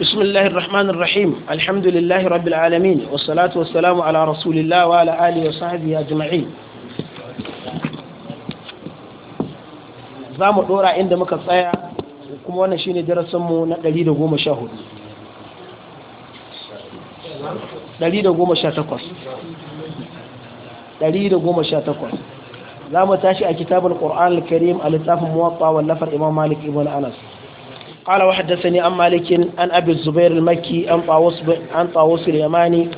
بسم الله الرحمن الرحيم الحمد لله رب العالمين والصلاة والسلام على رسول الله وعلى آله وصحبه أجمعين za mu ɗora inda muka tsaya kuma wannan shine darasinmu na 114 118 za mu tashi a kitabar ƙor'an karim a littafin muwaɓa wallafar imam malik ibn anas قال وحدثني عن مالك عن أبي الزبير المكي عن طاووس عن طاووس اليماني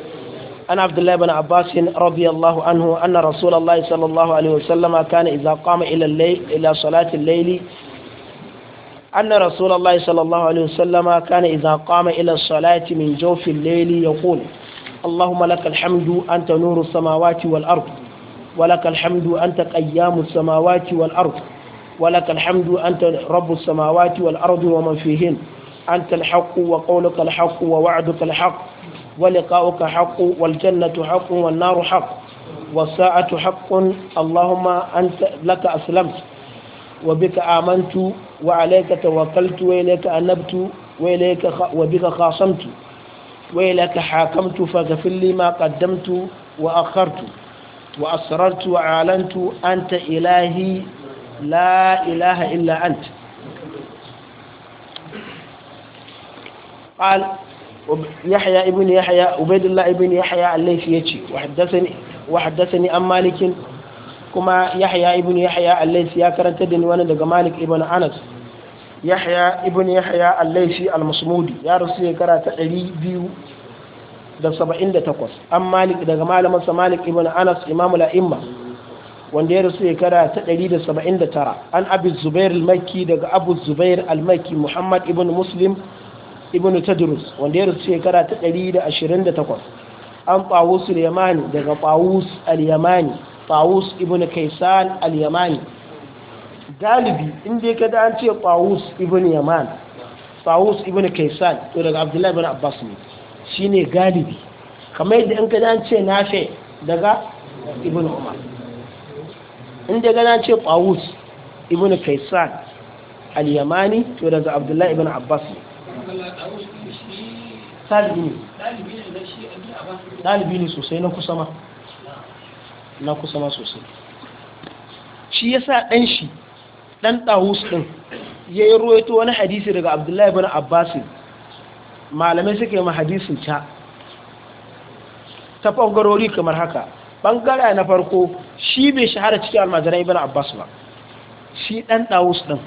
عن عبد الله بن عباس رضي الله عنه أن رسول الله صلى الله عليه وسلم كان إذا قام إلى الليل إلى صلاة الليل أن رسول الله صلى الله عليه وسلم كان إذا قام إلى الصلاة من جوف الليل يقول اللهم لك الحمد أنت نور السماوات والأرض ولك الحمد أنت قيام السماوات والأرض ولك الحمد أنت رب السماوات والأرض ومن فيهن أنت الحق وقولك الحق ووعدك الحق ولقاؤك حق والجنة حق والنار حق والساعة حق اللهم أنت لك أسلمت وبك آمنت وعليك توكلت وإليك أنبت وإليك وبك خاصمت وإليك حاكمت فاغفر لي ما قدمت وأخرت وأسررت وأعلنت أنت إلهي لا إله إلا أنت قال يحيى ابن يحيى عبيد الله ابن يحيى الليثي يجي وحدثني وحدثني عن مالك كما يحيى ابن يحيى الليثي يا كرنت دين وانا daga مالك ابن انس يحيى ابن يحيى الليثي المصمودي يا رسول كرا 278 an مالك daga مالك sa malik ibn anas imamul wanda ya rasu shekara ta 179 an abu zubair al-makki daga abu zubair al-makki muhammad ibn muslim ibn tadrus wanda ya rasu shekara ta 128 an tawus al-yamani daga tawus al-yamani tawus ibn kaisan al-yamani galibi inda ya kada an ce tawus ibn yaman tawus ibn kaisan to daga abdullahi ibn abbas ne shine galibi kamar yadda in kada an ce nafe daga ibn umar inda gana ce ƙawus ibn kaisan al-yamani to daga abdullahi ibn abbas ne ɗalibi ne sosai na kusa ma na kusa ma sosai shi ya sa ɗan shi ɗan ɗawus ɗin ya yi ruwaito wani hadisi daga abdullahi ibn abbas malamai suka yi ma hadisin ta ta ɓangarori kamar haka ɓangare na farko shi bai shahara cikin almajirai ibn abbas ba shi dan dawus din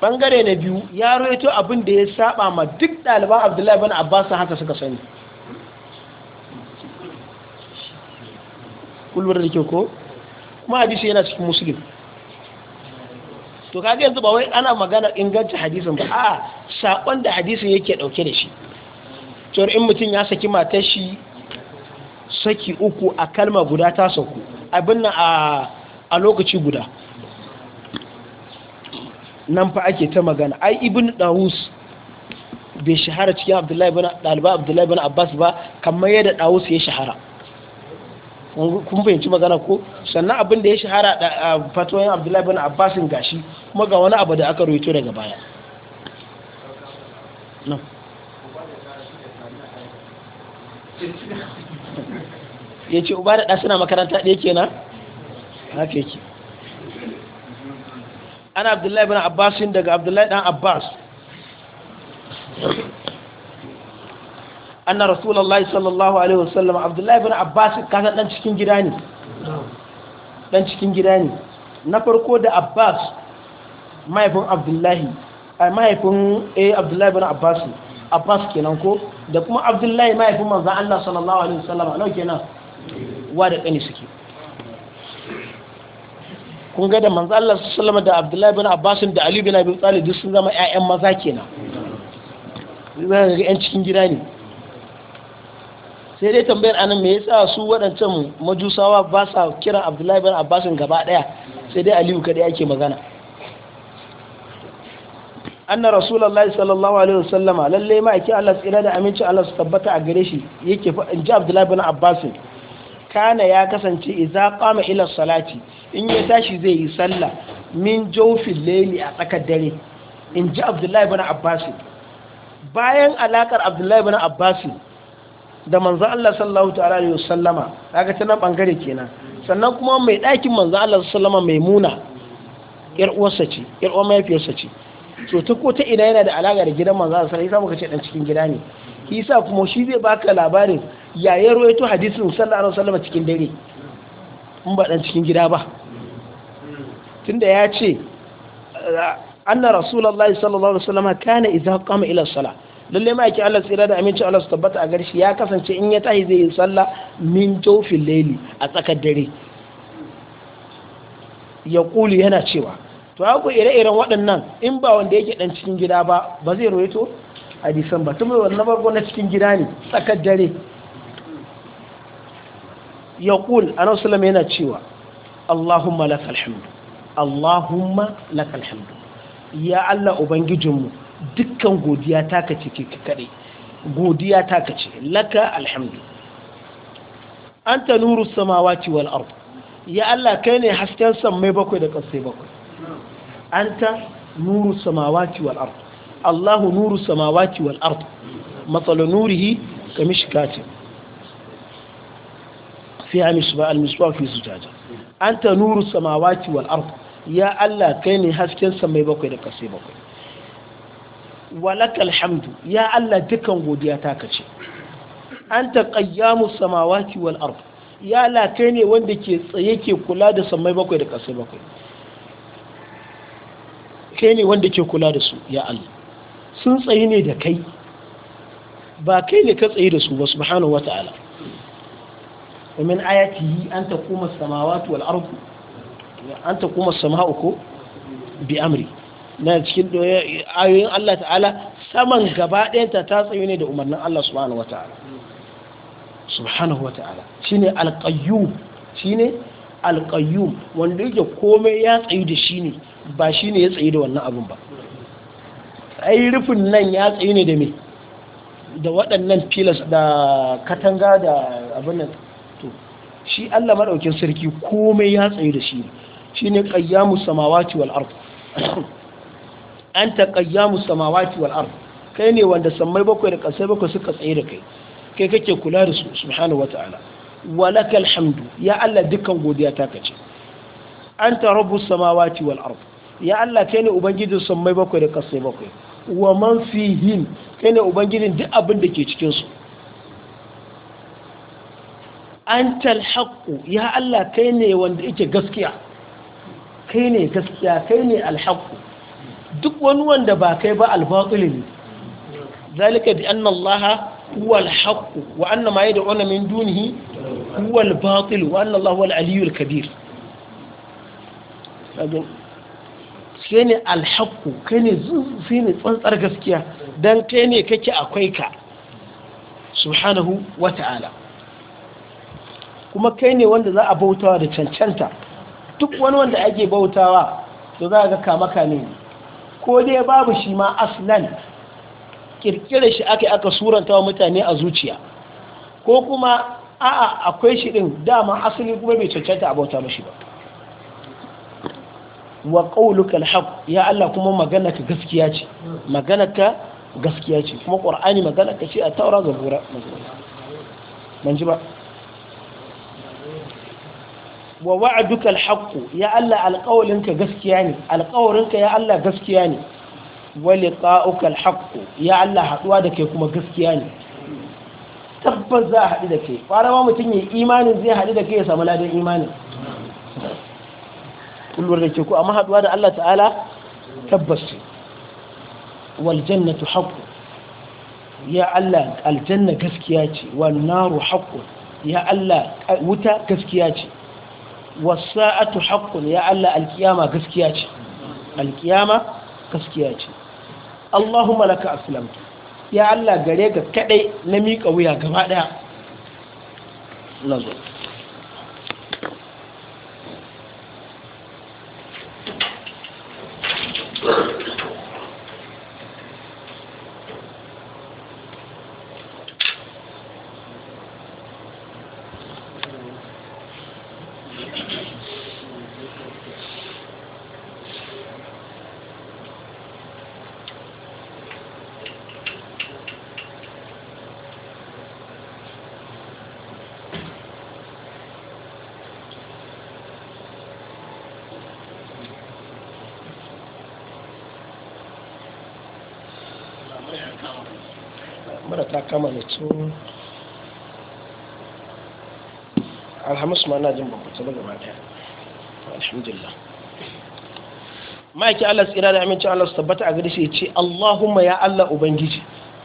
bangare na biyu ya roito abin da ya saba ma duk ɗaliban abdullahi ibn abbas haka suka sani kulwar da ke ko kuma hadisi yana cikin muslim to kaga yanzu ba wai ana magana inganci hadisin ba a sakon da hadisin yake dauke da shi cewar in mutum ya saki matar shi saki uku a kalma guda ta sauku abin na a lokaci guda nan fa ake ta magana ai ibn dawus bai shahara cikin abdullahi bin daliba abdullahi bin abbas ba kamar yadda dawus ya shahara kun fahimci magana ko sannan abin da ya shahara da fatoyin abdullahi bin abbas gashi kuma ga wani abu da aka rubuto daga baya no ya ce uba da ɗa suna makaranta ɗaya kenan haka yake ana abdullahi bin abbasin daga abdullahi ɗan abbas anna rasulallah sallallahu alaihi wasallam abdullahi bin abbas kasan ɗan cikin gida ne ɗan cikin gida ne na farko da abbas mahaifin abdullahi a mahaifin a eh, abdullahi bin abbas abbas kenan ko da kuma abdullahi mahaifin manzan allah sallallahu alaihi wasallam a nau kenan wa da kani suke kun ga da manzo Allah sallallahu da Abdullahi bin Abbas da Ali bin Abi Talib duk sun zama ƴaƴan maza kenan zaka ga ƴan cikin gida ne sai dai tambayar anan me yasa su waɗancan majusawa ba sa kiran Abdullahi bin Abbas gaba ɗaya sai dai Aliyu kada yake magana anna rasulullahi sallallahu alaihi wasallama lalle ma ake Allah tsira da aminci Allah su tabbata a gare shi yake fa in ji Abdullahi bin Abbas kana ya kasance iza kama ila salati in ya tashi zai yi sallah min jawfil layli a tsakar dare in ji abdullahi ibn abbas bayan alakar abdullahi ibn abbas da manzo Allah sallallahu ta'ala alaihi wasallama kaga tana nan bangare kenan sannan kuma mai ɗakin manzo Allah sallama mai muna yar uwarsa ce yar uwar mahaifiyarsa ce to ta ko ta ina yana da alaka da gidan manzo Allah sallallahu alaihi wasallam ce dan cikin gida ne kisa kuma shi zai baka labarin ya ya ruwaito hadisin sallallahu alaihi wasallam cikin dare in ba dan cikin gida ba tunda ya ce anna rasulullahi sallallahu alaihi wasallam kana idza qama ila salat lalle ma yake Allah tsira da aminci Allah su tabbata a garshi ya kasance in ya tahi zai yi sallah min jofin laili a tsakar dare ya kuli yana cewa to haku ire-iren waɗannan in ba wanda yake ɗan cikin gida ba ba zai roito hadisan ba tumai wannan bargo na cikin gida ne tsakar dare ya kul a rasulam yana cewa Allahumma laka alhamdu Allahumma laka alhamdu ya Allah Ubangijinmu dukkan godiya ta kace ke kade godiya ta kace laka alhamdu Anta nuru samawati wal ard ya Allah kai ne hasken mai bakwai da ƙasai bakwai Anta nuru samawati wal ard Allahu nuru samawati wal ard matsala nurihi kamishkatin fiha misbah al-misbah fi zujaja anta nuru samawati wal ard ya Allah kai ne hasken samai bakwai da kasai bakwai walakal hamdu ya Allah dukan godiya ta kace anta qayyamu samawati wal ard ya Allah kai ne wanda ke tsaye ke kula da samai bakwai da kasai bakwai kai ne wanda ke kula da su ya Allah sun tsaye ne da kai ba kai ne ka tsaye da su ba subhanahu wata'ala wa min ayatihi an taquma as-samawati wal an taquma as ko bi amri ayoyin Allah ta'ala saman gaba ɗayanta ta tsaye ne da umarnin Allah subhanahu wa ta'ala subhanahu wa ta'ala shine al wanda komai ya tsayu da shi ne ba shi ne ya tsayu da wannan abun ba ai rufin nan ya tsayu ne da me da waɗannan filas da katanga da abin nan shi Allah maɗaukin sarki komai ya tsaye da shi shine qayyamus samawati wal ard anta qayyamus samawati wal kai ne wanda samai bakwai da kasai bakwai suka tsaye da kai kai kake kula da su subhanahu ta'ala. walakal hamdu ya Allah dukkan godiya ta kace anta rabbus samawati wal ya Allah kai ne ubangijin samai bakwai da kasai bakwai wa man fihim kai ne ubangijin duk abin da ke cikin su an talhaƙu ya Allah kai ne wanda yake gaskiya kai ne gaskiya kai ne alhaƙu duk wani wanda ba kai ba albaƙuli ne zalika bi annan Allah huwa alhaƙu wa annan ma yi da wani min dunihi huwa albaƙuli wa annan Allah huwa al'aliyul kabir kai ne alhaƙu kai ne zuzufi ne tsantsar gaskiya don kai ne kake akwai ka subhanahu wa ta'ala kuma kai ne wanda za a bautawa da cancanta duk wani wanda ake bautawa to za ga kama ka ne ko dai babu shi ma aslan kirkira shi aka aka suranta wa mutane a zuciya ko kuma a'a akwai shi din dama asali kuma bai cancanta a bauta mashi ba wa qauluka alhaq ya Allah kuma magana ka gaskiya ce magana ka gaskiya ce kuma qur'ani magana ka ce a taura zabura manji ba wa wa'aduka alhaqqu ya Allah alƙawarinka gaskiya ne alƙawarinka ya Allah gaskiya ne wa liqa'uka alhaqqu ya Allah haduwa da kai kuma gaskiya ne tabbas za a haɗu da kai fara ma mutum yi imanin zai haɗu da kai ya samu ladan imanin kullum da ke ku amma haɗuwa da Allah ta'ala tabbas ce wal jannatu haqqu ya Allah aljanna gaskiya ce wan naru haqqu ya Allah wuta gaskiya ce wasa'atu haqqun ya Allah alkiyama gaskiya ce alkiyama gaskiya ce Allahumma laka aslamtu ya Allah gare ka kadai na miƙa wuya gaba daya nazo kama da alhamis ma na jin babbata ba gaba daya alhamdulillah ma'aiki Allah tsira da amincin Allah su tabbata a gari shi ce Allahumma ya Allah Ubangiji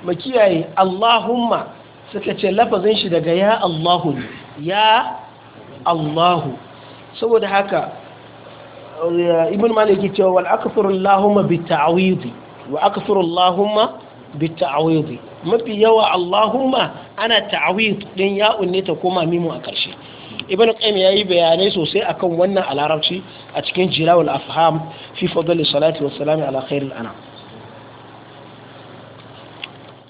makiyaye Allahumma suka ce lafazin shi daga ya Allahu ne ya Allahu saboda haka ibn malik ya ce wal akthar Allahumma bi ta'awidi wa akthar Allahumma bita'awidi mafi yawa Allahumma ana ta'awid din ya'un ne ta koma mimu a ƙarshe ibn qayyim yayi bayanai sosai akan wannan a larabci a cikin jilawul afham fi fadl salati wa salam ala khairil anam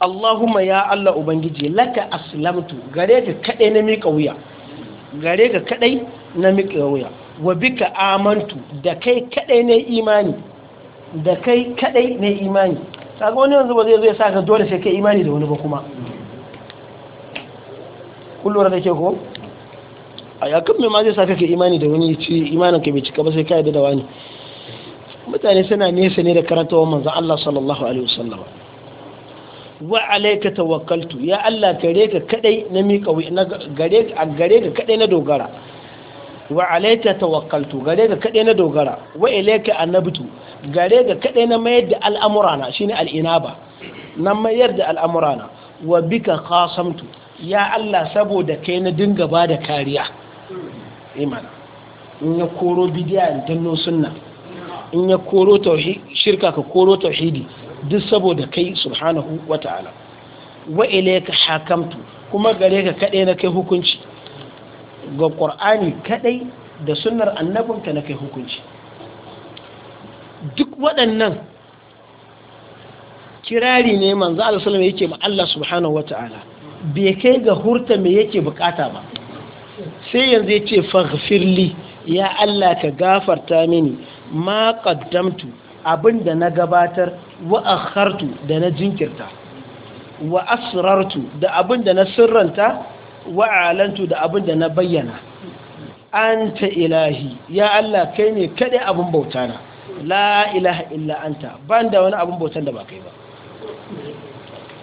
Allahumma ya Allah ubangiji laka aslamtu gare ka kadai na mika wuya gare ka kadai na miƙa wuya wa bika amantu da kai kadai ne imani da kai kadai ne imani kaga wani yanzu ba zai zo ya sa ka dole sai kai imani da wani ba kuma kullura da ke ko a yakan mai ma zai sa ka kai imani da wani ci imanin ka bai cika ba sai ka yadda da wani mutane suna nesa ne da wa manzon Allah sallallahu alaihi wasallam wa alayka tawakkaltu ya Allah gare ka kadai na miƙa na gare ka gare ka kadai na dogara wa alayka tawakkaltu gare ka kadai na dogara wa ilayka annabtu gare ga kaɗai na mayar da al'amurana shine al'inaba na mayar da al'amurana wa bika kasamtu ya Allah saboda kai na dinga ba da kariya imana eh in ya koro bidiyar in tanno sunna in ya koro tauhid shirka ka koro tauhidi duk saboda kai subhanahu wa ta'ala wa ka hakamtu kuma gare ka kaɗai na kai hukunci ga qur'ani kaɗai da sunnar annabinka na kai hukunci duk waɗannan kirari ne manzo Allah sallallahu alaihi yake ma Allah subhanahu wataala bai kai ga hurta me yake bukata ba sai yanzu yace faghfirli ya Allah ka gafarta mini ma qaddamtu abinda na gabatar wa akhartu da na jinkirta wa asrartu da abinda na sirranta wa alantu da abinda na bayyana anta ilahi ya Allah kai ne kada abin bautana la ilaha illa anta ban da wani abun bautan da ba kai ba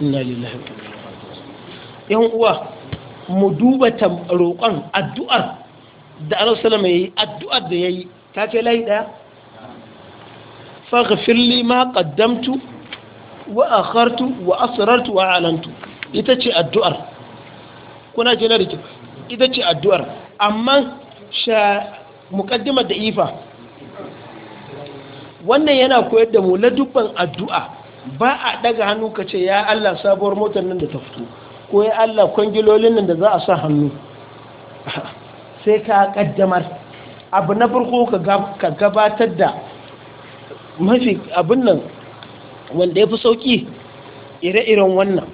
inna lillahi wa inna uwa mu duba roƙon addu'ar da Allah sallama yayi addu'ar da yayi ta ce layi daya faghfir li ma qaddamtu wa akhartu wa asrartu wa alantu ita ce addu'ar kuna ce na rike ita ce addu'ar amma sha muqaddimar da ifa wannan yana koyar da mu ladubban addu'a ba a daga hannu ka ce ya Allah sabuwar motar nan da ta fito ko ya Allah kwangilolin nan da za a sa hannu sai ka kaddamar abu na farko ka gabatar da mafi abin nan wanda ya fi sauƙi ire-iren wannan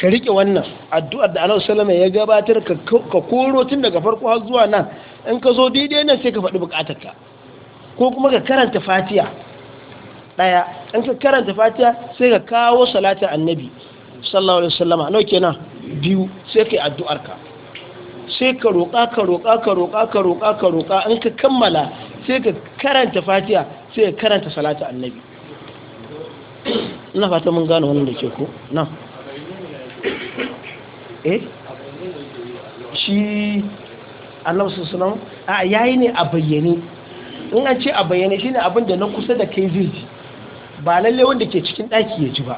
ka riƙe wannan addu'ar da Allah salama ya gabatar ka koro tun daga farko har zuwa nan in ka zo daidai nan sai ka faɗi buƙatarka ko kuma ka karanta Fatiya daya an ka karanta Fatiya sai ka kawo salatin annabi sallallahu alaihi wasallama nau kenan biyu sai kai addu'arka sai ka roƙa ka roƙa ka roƙa ka roƙa ka roƙa an ka kammala sai ka karanta Fatiya sai ka karanta salatin annabi ina fata mun gane wannan da ke ko na eh shi annabi sallallahu alaihi wasallam a yayi ne a bayyane in an ce a bayyane shi ne abinda na kusa da kai zai ji ba lalle wanda ke cikin ɗaki ya ji ba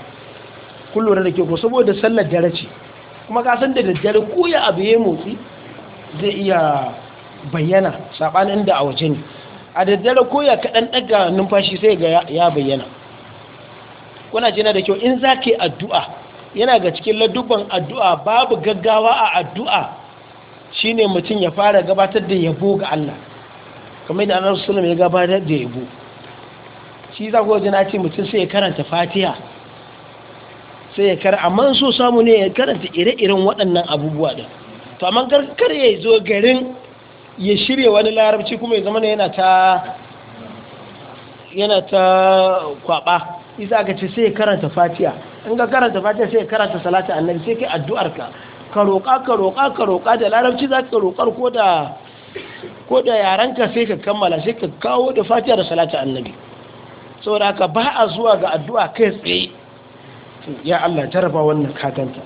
kun da ke ko saboda sallar dare ce kuma ka san da daddare ko ya abu ya motsi zai iya bayyana saɓanin da a waje ne a daddare ko ya kaɗan ɗaga numfashi sai ga ya bayyana kuna na da kyau in za ka addu'a yana ga cikin ladubban addu'a babu gaggawa a addu'a shine mutum ya fara gabatar da yabo ga Allah kamar da annabi suna ya gabatar da yabo shi za ku na ce mutum sai ya karanta fatiha sai ya kara amma so samu ne ya karanta ire-iren waɗannan abubuwa da to amma kar ya zo garin ya shirya wani larabci kuma ya zama yana ta yana ta kwaba isa ce sai ya karanta fatiha in ka karanta fatiha sai ya karanta salatu annabi sai kai addu'arka ka roƙa ka roƙa ka roƙa da larabci za ka roƙar ko da ko da yaranka sai ka kammala sai ka kawo da fatiha da salatu annabi saboda haka ba a zuwa ga addu'a kai tsaye ya Allah jaraba wannan kaganta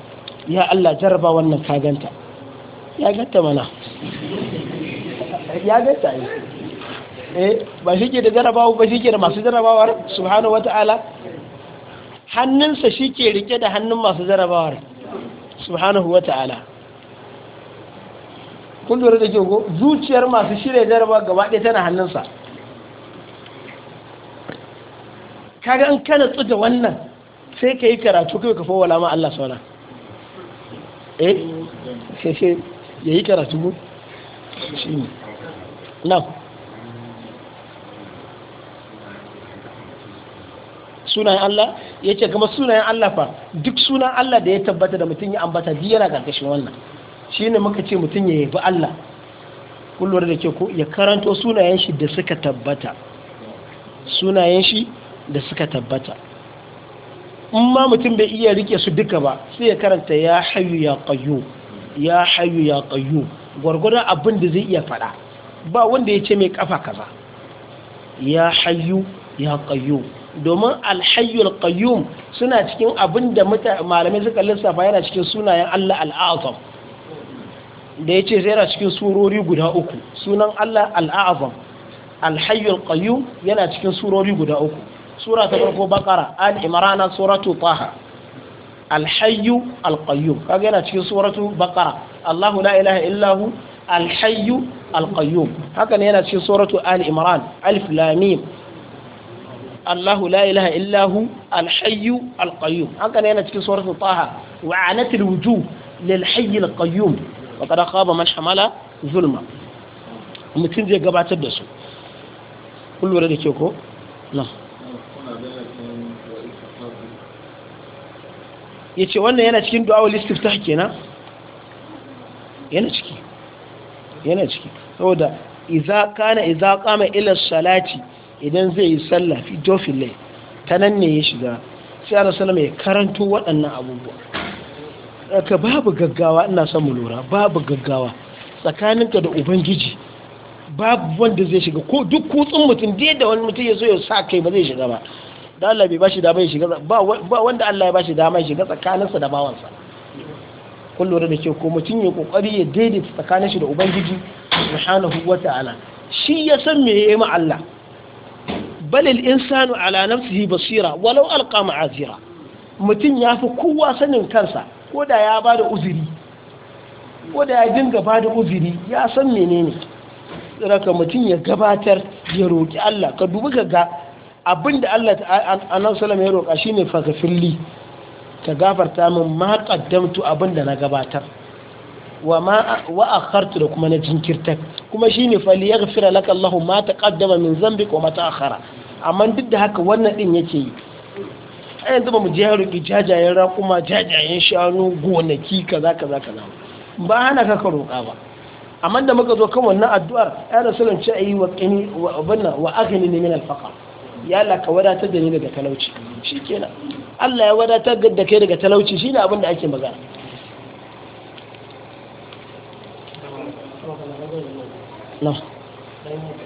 ya Allah jarraba wannan kaganta ya ganta mana ya ganta yi eh ba shi ke da jarabawa ba shi ke da masu jarabawar subhanahu wata'ala hannunsa shi ke rike da hannun masu jarabawar subhanahu wata'ala kun lura da kyau zuciyar masu shirya jarabawa gaba ɗaya tana hannunsa kaga an kana tsuda wannan sai ka yi karatu kai ka fowala ma Allah sauna eh sai sai ya yi karatu mu shi ne na sunayen Allah ya ce kama sunayen Allah fa duk sunan Allah da ya tabbata da mutum ya ambata biyar a ƙarƙashin wannan shi ne muka ce mutum ya yabi Allah kullum da ke ko ya karanto sunayen shi da suka tabbata sunayen shi da suka tabbata in ma mutum bai iya rike su duka ba sai ya karanta ya hayu ya kayu ya hayu ya kayu gwargwadon abin da zai iya faɗa ba wanda ya ce mai kafa kaza ya hayu ya kayu domin alhayyul qayyum suna cikin abin da malamai suka lissafa yana cikin sunayen Allah al'azam da ya ce zai cikin surori guda uku sunan Allah al'azam alhayyul qayyum yana cikin surori guda uku sura ta farko bakara an imarana suratu taha alhayyu alqayyum kaga yana cikin suratu bakara Allahu la ilaha illahu alhayyu alqayyum haka ne yana cikin suratu an imaran alif lam Allahu la ilaha illahu alhayyu alqayyum haka ne yana cikin suratu taha wa anatil wujuh lil hayy alqayyum wa kada khaba man hamala zulma mutum zai gabatar da su kun lura da ke ko na ya ce wannan yana cikin du'a wal istiftah kenan yana ciki yana ciki saboda iza kana iza qama ila salati idan zai yi sallah fi dofin lai ta nan ne ya shiga sai ana sallama ya karanto waɗannan abubuwa ka babu gaggawa ina son mu lura babu gaggawa tsakaninka da ubangiji babu wanda zai shiga ko duk kutsun mutum da wani mutum ya so ya sa kai ba zai shiga ba da Allah bai bashi dama ya shiga ba wanda Allah ya bashi dama ya shiga tsakaninsa da bawansa kun lura da ke ko mutum ya kokari ya daidaita tsakanin shi da ubangiji subhanahu wata'ala shi ya san me yayi ma Allah bal al insanu ala nafsihi basira walau alqa ma'azira mutum ya fi kowa sanin kansa ko da ya ba da uzuri ko da ya dinga ba da uzuri ya san menene raka mutum ya gabatar ya roƙi Allah ka dubi ga abin da Allah annabi sallallahu ya roƙa shine faghfirli ka gafarta min ma qaddamtu abin na gabatar wa ma wa akhartu da kuma na jinkirta kuma shine falyaghfira laka Allahu ma taqaddama min dhanbika wa ma kara." amma duk da haka wannan ɗin yake yi a yanzu ba mu je ya jajayen raƙuma jajayen shanu gonaki kaza kaza kaza ba hana ka ka roƙa ba amma da muka zo kan wannan addu'ar ya rasulun ce yi wa ƙini wa abinna wa aghni min al ya la ka wadatar da ni daga talauci shikenan Allah ya wadatar da kai daga talauci ne abin da ake magana na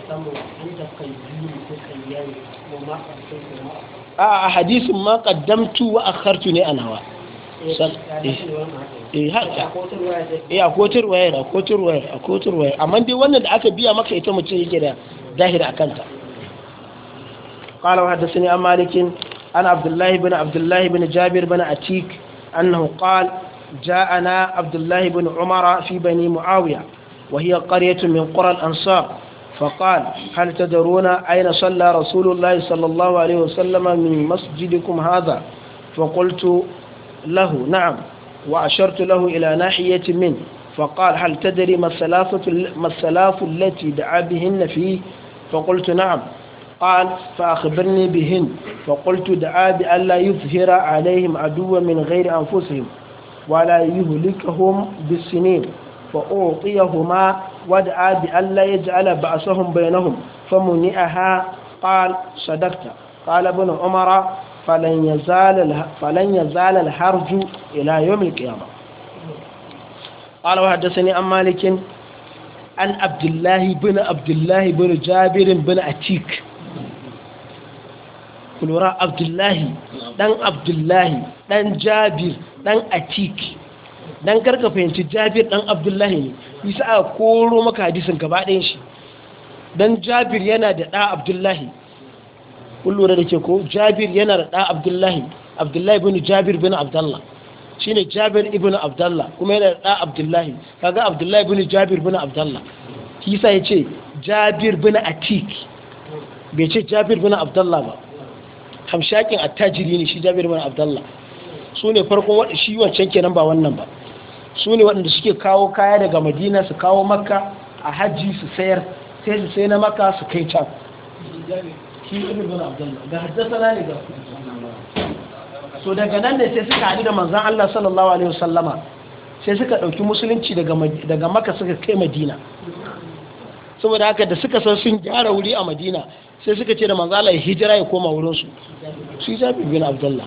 samu biyu ko yayi ko ma a hadisin ma kaddamtu wa akhartu ne anawa eh, eh. eh haka eh akotar wayar akotar wayar amma dai wannan da aka biya maka ita mutum yake da zahiri akanta ta قال وحدثني عن مالك عن عبد الله بن عبد الله بن جابر بن عتيك أنه قال جاءنا عبد الله بن عمر في بني معاوية وهي قرية من قرى الأنصار فقال هل تدرون أين صلى رسول الله صلى الله عليه وسلم من مسجدكم هذا فقلت له نعم وأشرت له إلى ناحية منه فقال هل تدري ما الثلاثة, ما التي دعا بهن فيه فقلت نعم قال فأخبرني بهن فقلت دعا بأن لا يظهر عليهم عدوا من غير أنفسهم ولا يهلكهم بالسنين فأعطيهما ودعا بأن لا يجعل بأسهم بينهم فمنعها قال صدقت قال ابن عمر فلن يزال فلن يزال الحرج إلى يوم القيامة قال وحدثني عن مالك عن عبد الله بن عبد الله بن جابر بن أتيك kulura abdullahi dan abdullahi dan jabir dan atik dan karka fahimci jabir dan abdullahi ne isa a koro maka hadisin gaba shi don jabir yana da ɗa abdullahi kun lura da ke ko jabir yana da ɗa abdullahi abdullahi bin jabir bin abdullah ne jabir ibn abdullah kuma yana da ɗa abdullahi kaga abdullahi bin jabir bin abdullah Kisa ya ce jabir bin atik bai ce jabir bin abdullah ba hamshakin attajiri ne shi jabir bin abdullah su ne farkon shi wancan kenan ba wannan ba su ne waɗanda suke kawo kaya daga madina su kawo makka a hajji su sayar sai su sai na makka su kai can so daga nan ne sai suka haɗu da manzan Allah sallallahu alaihi wasallama sai suka ɗauki musulunci daga maka suka kai madina saboda haka da suka san sun gyara wuri a madina sai suka ce da manzala ya hijira ya koma wurinsu su jabir bin abdullah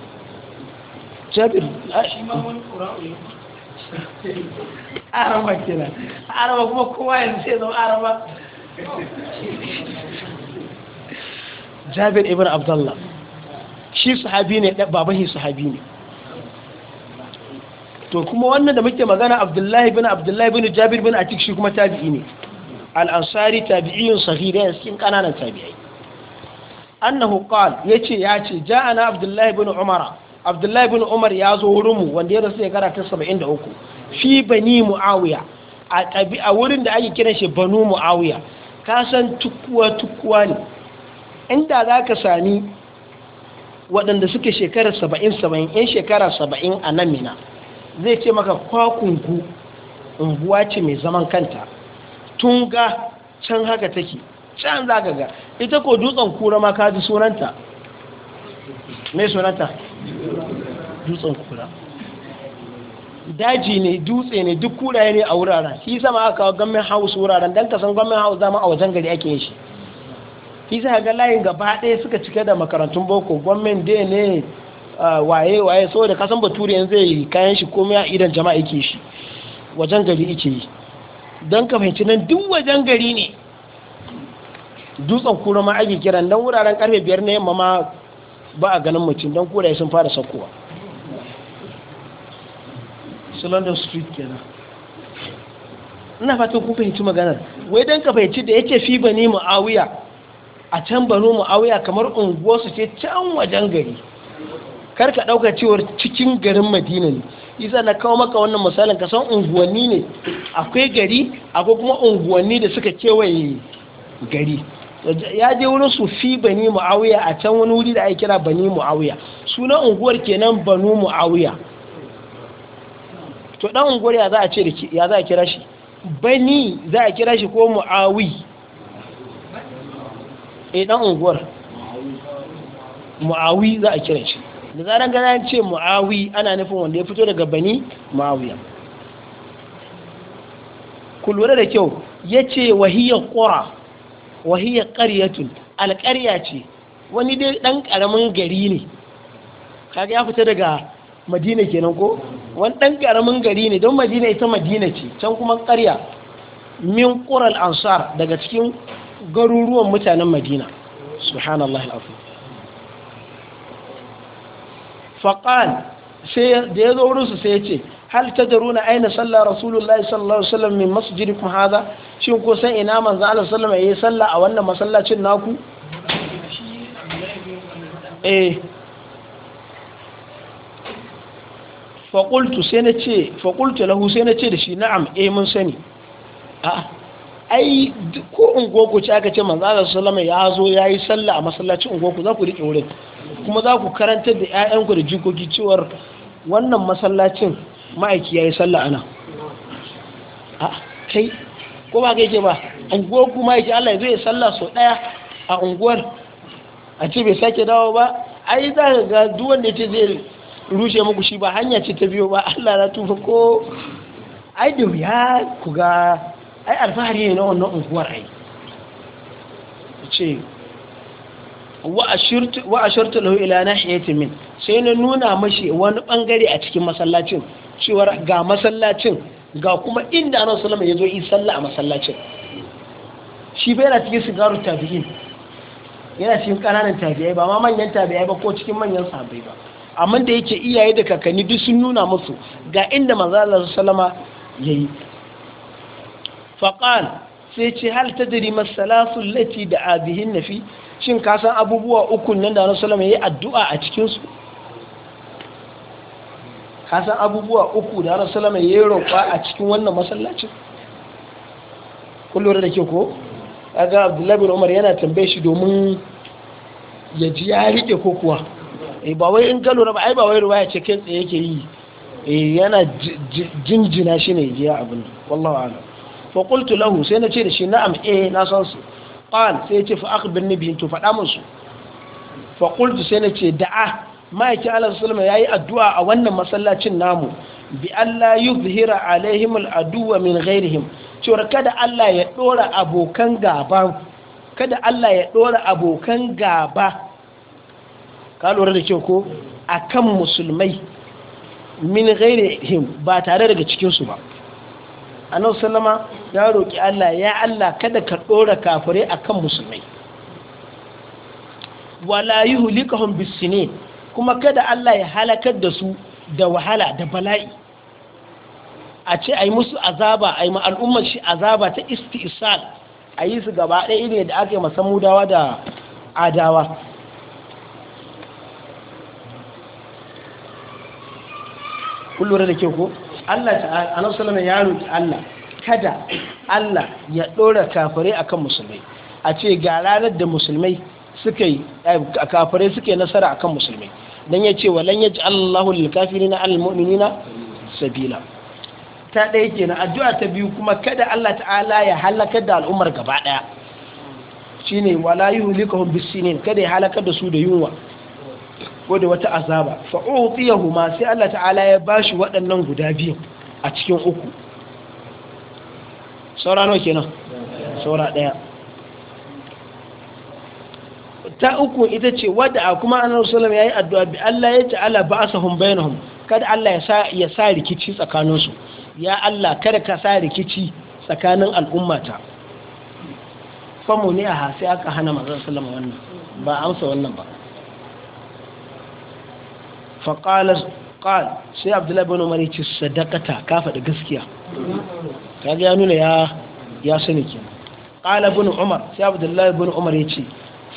araba kenan araba kuma kowa yanzu sai zama araba jabir ibn abdullah shi sahabi ne baban shi sahabi ne to kuma wannan da muke magana abdullahi bin abdullahi bin jabir bin atik shi kuma tabi'i ne al-ansari tabi'iyun sahih da cikin kananan tabi'ai annahu qala yace ya ce ja'ana abdullahi bin umara abdullahi bin umar ya zo wurinmu wanda ya rasu shekara ta saba'in da uku. fi bani muawiya a tabi a wurin da ake kiran shi banu muawiya ka san tukuwa tukuwa ne inda za ka sani waɗanda suke shekarar saba'in saba'in, in shekara saba'in a nan mina zai ce maka kwakunku unguwa ce mai zaman kanta tun ga can haka take can za ka ga ita ko dutsen kura ma ka ji sunanta mai sunanta dutsen kura daji ne dutse ne duk kura ne a wuraren shi sama aka kawo gamin haus wuraren don san gamin haus dama a wajen gari ake shi shi sai ga layin gaba ɗaya suka cike da makarantun boko gwamnan da ne waye waye so da kasan bature yanzu zai kayan shi komai a idan jama'a yake shi wajen gari ake yi don ka fahimci nan duk wajen gari ne dutsen kura ma ake kiran don wuraren karfe biyar na yamma ma ba a ganin mutum don yi sun fara saukowa London street kenan ina fatan kun fahimci maganar wai don ka fahimci da yake fi bani mu'awiya a can bano maawuya kamar unguwarsu ce can wajen gari kar ka ɗauka cewar cikin garin madina ne isa na kawo maka wannan misalin ka san unguwanni ne akwai gari akwai kuma unguwanni da suka kewaye gari ya je wurin su fi bani mu'awiya a can wani wuri da ake kira bani mu'awiya sunan unguwar kenan banu mu'awiya to dan unguwar ya za a ce ya za a kira shi bani za a kira shi ko mu'awi eh dan unguwar mu'awi za a kira shi da zaran gana ce mu'awi ana nufin wanda ya fito daga bani mu'awiya ku lura da kyau yace wahiyar qura wahiyar ƙaryatun alƙarya ce wani dai ɗan ƙaramin gari ne kaga ya fita daga madina kenan ko wani ɗan ƙaramin gari ne don madina ita madina ce can kuma ƙarya min ƙural ansar daga cikin garuruwan mutanen madina subhanallah al'afu faƙal sai da ya zo wurinsu sai ya ce hal ta daruna aina sallah rasulullahi sallallahu alaihi wasallam min masjidikum hadha shin ko san ina manzo Allah sallama yayi sallah a wannan masallacin naku eh qultu sai na ce qultu lahu sai na ce da shi na'am eh mun sani a ai ko ungoku ci aka ce manzo Allah sallama ya zo yayi sallah a masallacin ungoku za ku rike wurin kuma za ku karantar da ku da jikoki cewar wannan masallacin ma'aiki yayi sallah ana a kai ko ba ka yake ba unguwar kuma yake Allah ya zo ya sallah sau ɗaya a unguwar a ce bai sake dawo ba ai za ka ga duk wanda ta zai rushe muku shi ba hanya ce ta biyo ba Allah na tufa ko ai da ya ku ga ai alfahari ne na wannan unguwar ai ce wa ashirtu wa ashirtu lahu ila min sai na nuna mashi wani bangare a cikin masallacin cewa ga masallacin ga kuma inda annabi sallallahu ya zo yi sallah a masallacin shi bai yana cikin sigaru tabi'in yana cikin kananan tabi'ai ba ma manyan tabi'ai ba ko cikin manyan sahabbai ba amma da yake iyaye da kakanni duk sun nuna musu ga inda manzo Allah ya yayi faqal sai ce hal tadri masalasul lati da abihin nafi shin ka san abubuwa uku nan da Annabi ya yayi addu'a a cikinsu. Kasan abubuwa uku da har salama ya yi roƙa a cikin wannan masallacin kullum da ke ko ga abdullahi umar yana tambaye shi domin ya ji ya riƙe ko kuwa E, ba wai in ka lura ba ai ba wai ruwaya ce kai tsaye yake yi e yana jinjina shi ne ya abin wallahu ala fa qultu lahu sai na ce da shi na'am eh na san su qal sai ya ce fa akhbirni bihin to faɗa musu fa qultu sai na ce da'a ma'aiki Allah sulma yi addu'a a wannan masallacin namu bi Allah yuzhira alaihim al'aduwa min ghairihim cewar kada Allah ya ɗora abokan gaba kada Allah ya ɗora abokan gaba ka lura da kyau ko akan musulmai min ghairihim ba tare daga cikinsu ba. ba nan sallama ya roƙi Allah ya Allah kada ka ɗora kafirai akan musulmai wala yuhlikahum bisinin kuma kada Allah ya halakar da su da wahala da bala'i a ce a yi musu azaba a yi al'ummar shi azaba ta istisal a yi su gaba ɗaya ne da aka yi mudawa da adawa kullum da ke ko Allah ta'ala salama ya roƙi Allah kada Allah ya ɗora a akan musulmai a ce ga ranar da musulmai suka yi eh, kafare suka yi nasara akan musulmai dan yace walan ji Allahu lil kafirina al na sabila ta ɗaya kenan addu'a ta biyu kuma kada Allah ta'ala ya halakar da al'ummar gaba ɗaya shine wala yuhlikahum bisinin kada ya halakar da su da yunwa ko da wata azaba fa utiyahuma sai Allah ta'ala ya ba shi waɗannan guda biyu a cikin uku saura nawa kenan saura ɗaya ta uku ita ce wadda a kuma annabi sallallahu alaihi wasallam yayi addu'a bi Allah ya ta'ala ba'asahum bainahum kada Allah ya sa ya sa rikici tsakanin su ya Allah kada ka sa rikici tsakanin al'ummata famu ne a sai aka hana manzon sallallahu alaihi wannan ba amsa wannan ba fa qala qal sai Abdullahi bin Umar ya ce sadaqata ka faɗi gaskiya kaga ya nuna ya ya sani kenan qala bin Umar sai Abdullahi bin Umar ya ce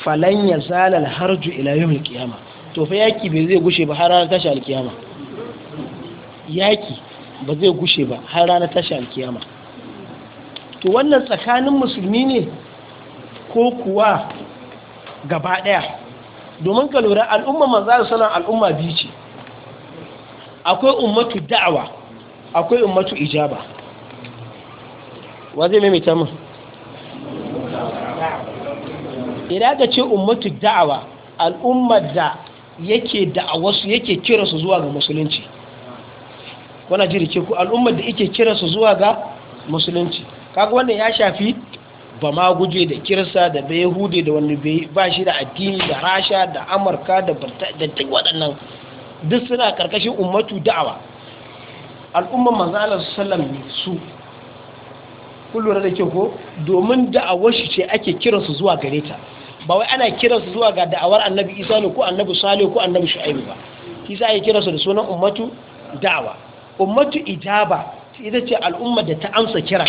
falan ya zalal harju ila yawmil qiyama to fa yaki bai zai gushe ba har ranar tashi alkiyama yaki ba zai gushe ba har ranar tashi alkiyama to wannan tsakanin musulmi ne ko kuwa gaba daya domin ka lura al'umma manzo sallan al'umma biyu ce akwai ummatu da'awa akwai ummatu ijaba wa zai maimaita mun idan ka ce ummatu da'awa al'ummar da yake da'awarsu yake kira su zuwa ga musulunci wana ji ke ku al'ummar da yake kira su zuwa ga musulunci kaga wannan ya shafi ba ma guje da kirsa da bai hude da wani ba shi da addini da rasha da amurka da duk waɗannan duk suna karkashin ummatu da'awa al'ummar manzalar sallam su kullum da ke ko domin da'awar shi ce ake kiransu zuwa gare ta ba wai ana kira su zuwa ga da'awar annabi isa ne ko annabi salihu ko annabi shu'aibu ba isa ya kira su da sunan ummatu da'awa ummatu ijaba ita ce al'umma da ta amsa kira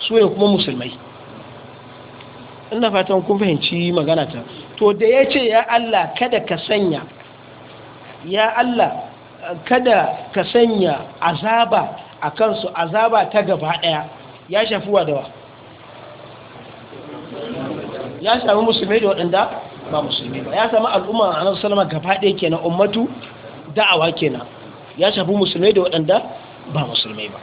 su ne kuma musulmai ina fatan kun fahimci magana ta to da ya ce ya Allah kada ka sanya ya Allah kada ka sanya azaba a kansu azaba ta gaba ɗaya ya shafi wa ya sami musulmi da waɗanda ba musulmi ba ya sami al'umma a nan salama gaba ɗaya kenan ummatu da'awa kenan ya shafi musulmi da waɗanda ba musulmi ba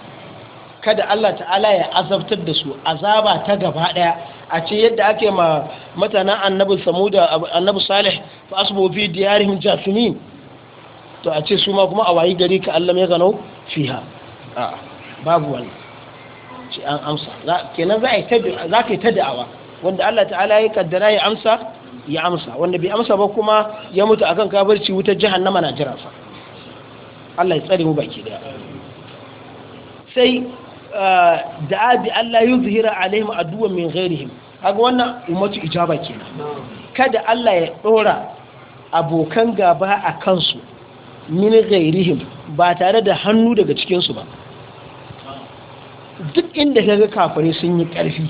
kada Allah ta'ala ya azabtar da su azaba ta gaba ɗaya a ce yadda ake ma mutanen annabi samuda annabi salih fa asbu fi diyarihim jasimin to a ce su ma kuma a wayi gari ka Allah mai gano fiha a babu wani ce an amsa kenan za ka yi ta da'awa wanda Allah ta'ala ya kaddara ya amsa ya amsa wanda bai amsa ba kuma ya mutu akan kabarci wutar jahannama na jira sa Allah ya tsare mu baki daya sai ah, da'a bi Allah zuhira alaihim aduwwan min ghairihim kaga wannan ummatu ijaba kenan kada Allah ya dora abokan gaba a kansu min ghairihim ba tare da hannu daga cikin su ba duk inda kaga kafare sun yi karfi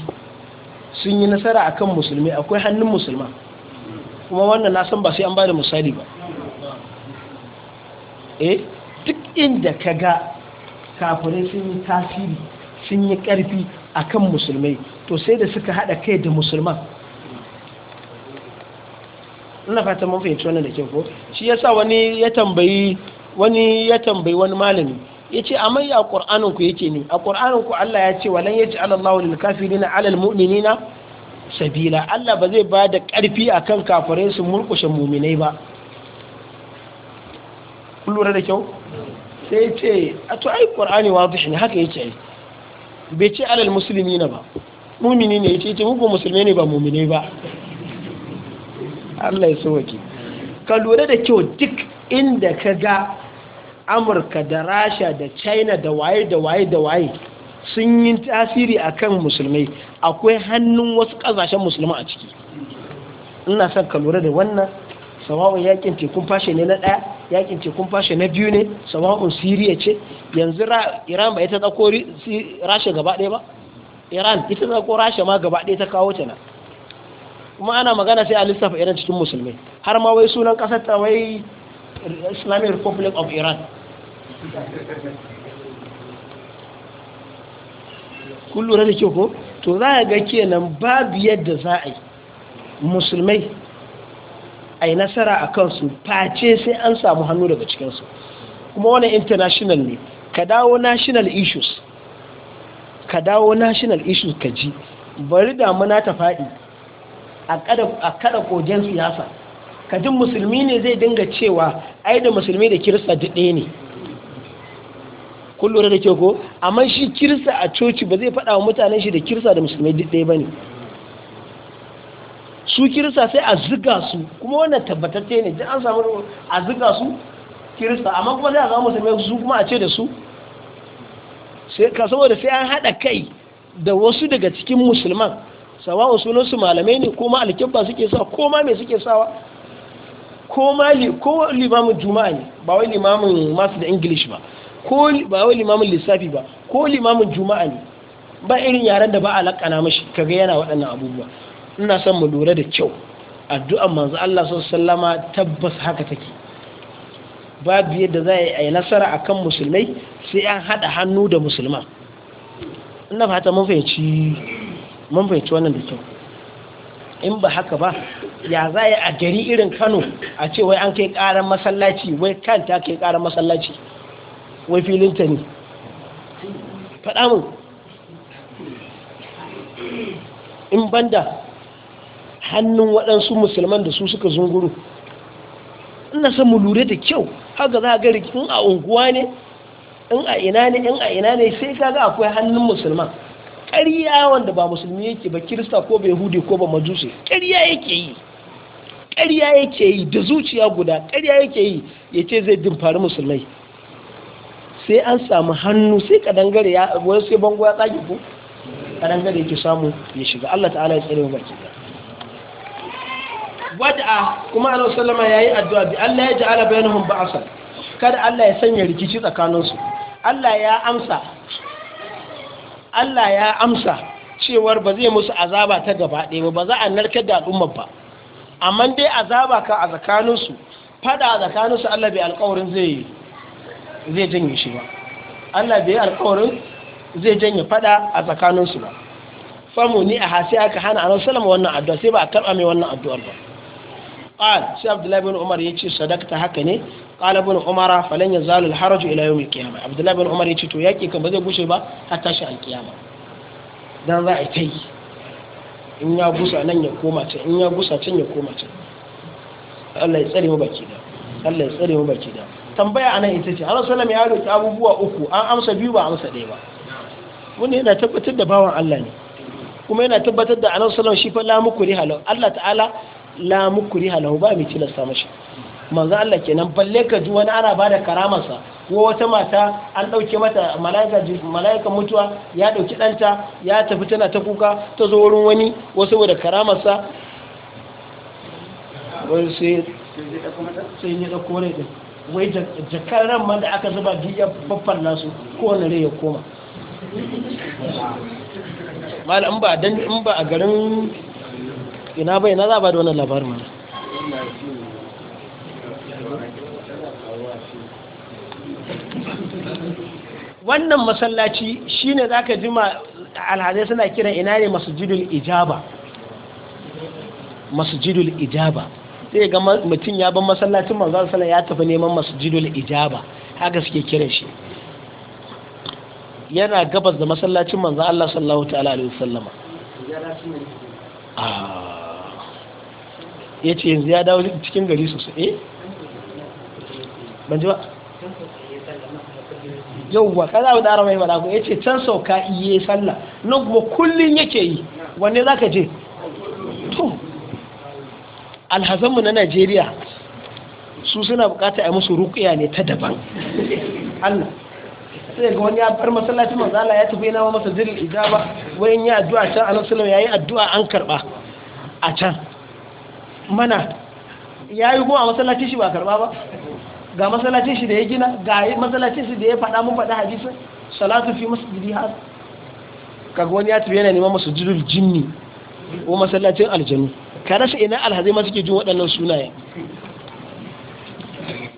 sun yi nasara akan musulmi akwai hannun musulma kuma wannan nasan ba sai an ba da misali ba eh duk inda ka ga kafirai sun yi tasiri sun yi ƙarfi akan musulmai to sai da suka haɗa kai da musulman ina fata mafi wannan da ke ko shi ya tambayi wani ya tambayi wani malami yace amma a qur'anin ku yake ne a qur'anin Allah ya ce walan yaj'al Allahu lil kafirina alal al mu'minina sabila Allah ba zai ba da karfi akan kafirai su murkushe mu'minai ba lura da kyau sai ce a to ai wa fushi ne haka yace bai ce alal musulmi na ba mumini ne ya yace muku musulmi ne ba mu'minai ba Allah ya sauke ka lura da kyau duk inda ka ga amurka da rasha da china da waye da waye da waye sun yi tasiri akan musulmai akwai hannun wasu ƙasashen musulman a ciki ina son ka lura da wannan sawa'un yakin tekun fashe ne na ɗaya yakin tekun fashe na biyu ne sawa'un siriya ce yanzu iran ba ita tsako rasha gaba ɗaya ba iran ita tsako rasha ma gaba ɗaya ta kawo tana kuma ana magana sai a lissafa iran cikin musulmai har ma wai sunan ƙasar ta wai islamic republic of iran kun lura da ke ko to za a ga kenan babu yadda za a yi musulmai a yi nasara a kansu face sai an samu hannu daga cikinsu kuma wani international ne ka dawo national issues ka dawo national issues ka ji bari damuna ta faɗi a kada kogen siyasa kajin musulmi ne zai dinga cewa ai da musulmi da kirista duk ne kun lura da kyau ko amma shi kirsa a coci ba zai faɗa wa mutanen shi da kirsa da musulmai duk ɗaya ba ne su kirsa sai a zuga su kuma wannan tabbatacce ne duk an samu a zuga su kirsa amma kuma sai a zama musulmai su kuma a ce da su sai ka saboda sai an haɗa kai da wasu daga cikin musulman sawa'un sunan su malamai ne ko ma alkibba suke sawa ko ma me suke sawa ko ma ko limamin juma'a ne ba wai limamin masu da english ba ko ba wai limamin lissafi ba ko limamin juma'a ne ba irin yaren da ba a lakana mashi kaga yana waɗannan abubuwa ina son mu lura da kyau addu'an manzo Allah sallama tabbas haka take babu yadda za a yi nasara akan musulmai sai an haɗa hannu da musulma ina fata mun fahimci mun fahimci wannan da kyau in ba haka ba ya za a gari irin Kano a ce wai an kai ƙaran masallaci wai kanta kai ƙaran masallaci wai filin ta ne faɗa mun in banda hannun waɗansu musulman da su suka zunguru ina son mu lura da kyau haka za a gari in a unguwa ne in a ina ne in a ina ne sai kaga akwai hannun musulman ƙarya wanda ba musulmi yake ba kirista ko ba yahudi ko ba majusi ƙarya yake yi ƙarya yake yi da zuciya guda ƙarya yake yi ya ce zai dimfari musulmai sai an samu hannu sai kadangare ya wani sai bango ya tsage ko kadangare yake samu ya shiga Allah ta'ala ya tsare mu baki wada'a kuma Allah sallama yayi addu'a bi Allah ya ja'ala bainahum ba'sa kada Allah ya sanya rikici tsakanin su Allah ya amsa Allah ya amsa cewar ba zai musu azaba ta gaba ɗaya ba ba za a narkar da al'ummar ba amma dai azaba ka a tsakaninsu fada a tsakaninsu Allah bai alƙawarin zai yi zai janye shi ba Allah bai alƙawarin zai janye fada a tsakanin su ba famu ni a hasi aka hana annabi salama wannan addu'a sai ba a karɓa mai wannan addu'ar ba qal sai abdullahi bin umar yace sadakta haka ne qala bin umar lan yazalu al-haraj ila yawm al-qiyamah abdullahi bin umar yace to yaki kan ba zai gushe ba har tashi al-qiyama dan za a yi in ya gusa nan ya koma ta in ya gusa can ya koma ta Allah ya tsare mu baki da Allah ya tsare mu baki da tambaya anan ita ce Allah sallam ya roki abubuwa uku an amsa biyu ba amsa ɗaya ba wanda yana tabbatar da bawan Allah ne kuma yana tabbatar da Anan sallam shi fa la mukri halau Allah ta'ala la mukri halau ba mai tilasta mashi manzo Allah kenan balle ka ji wani ana bada sa ko wata mata an dauke mata malaika malaika mutuwa ya dauki danta ya tafi tana ta kuka ta zo wurin wani wasu da sa wani sai sai ya dauko ne wai jakar ran ma da aka zuba diyar babban nasu kowane rai ya koma malam ba dan in ba a garin ina bai na za ba da wannan labarin mana wannan masallaci shine zaka jima alhazai suna kiran ina ne masjidul ijaba masjidul ijaba sai ga mutum ya ban masallacin manzo sallallahu ya tafi neman masjidul ijaba haka suke kiran shi yana gabas da masallacin manzo Allah sallallahu ta'ala alaihi wasallama ah. ya ce yanzu ya dawo cikin gari sosai eh ban ji ba yauwa kaza da arama yi malaku ya ce can sauka iye sallah nan kuma kullum yake yi wanne za ka je alhazanmu na najeriya su suna bukata a musu rukiya ne ta daban allah sai ga wani ya bar masallacin manzala ya tafi yana masa jirin ijaba wani ya addu'a can a nan ya yayi addu'a an karba a can mana yi kuma a masallacin shi ba karba ba ga masallacin shi da ya gina ga masallacin shi da ya faɗa mun faɗa hadisi salatu fi masjidi har kaga wani ya tafi yana neman masu jirin jinni ko masallacin aljanu ka rasa ina alhazai ma suke jin waɗannan sunayen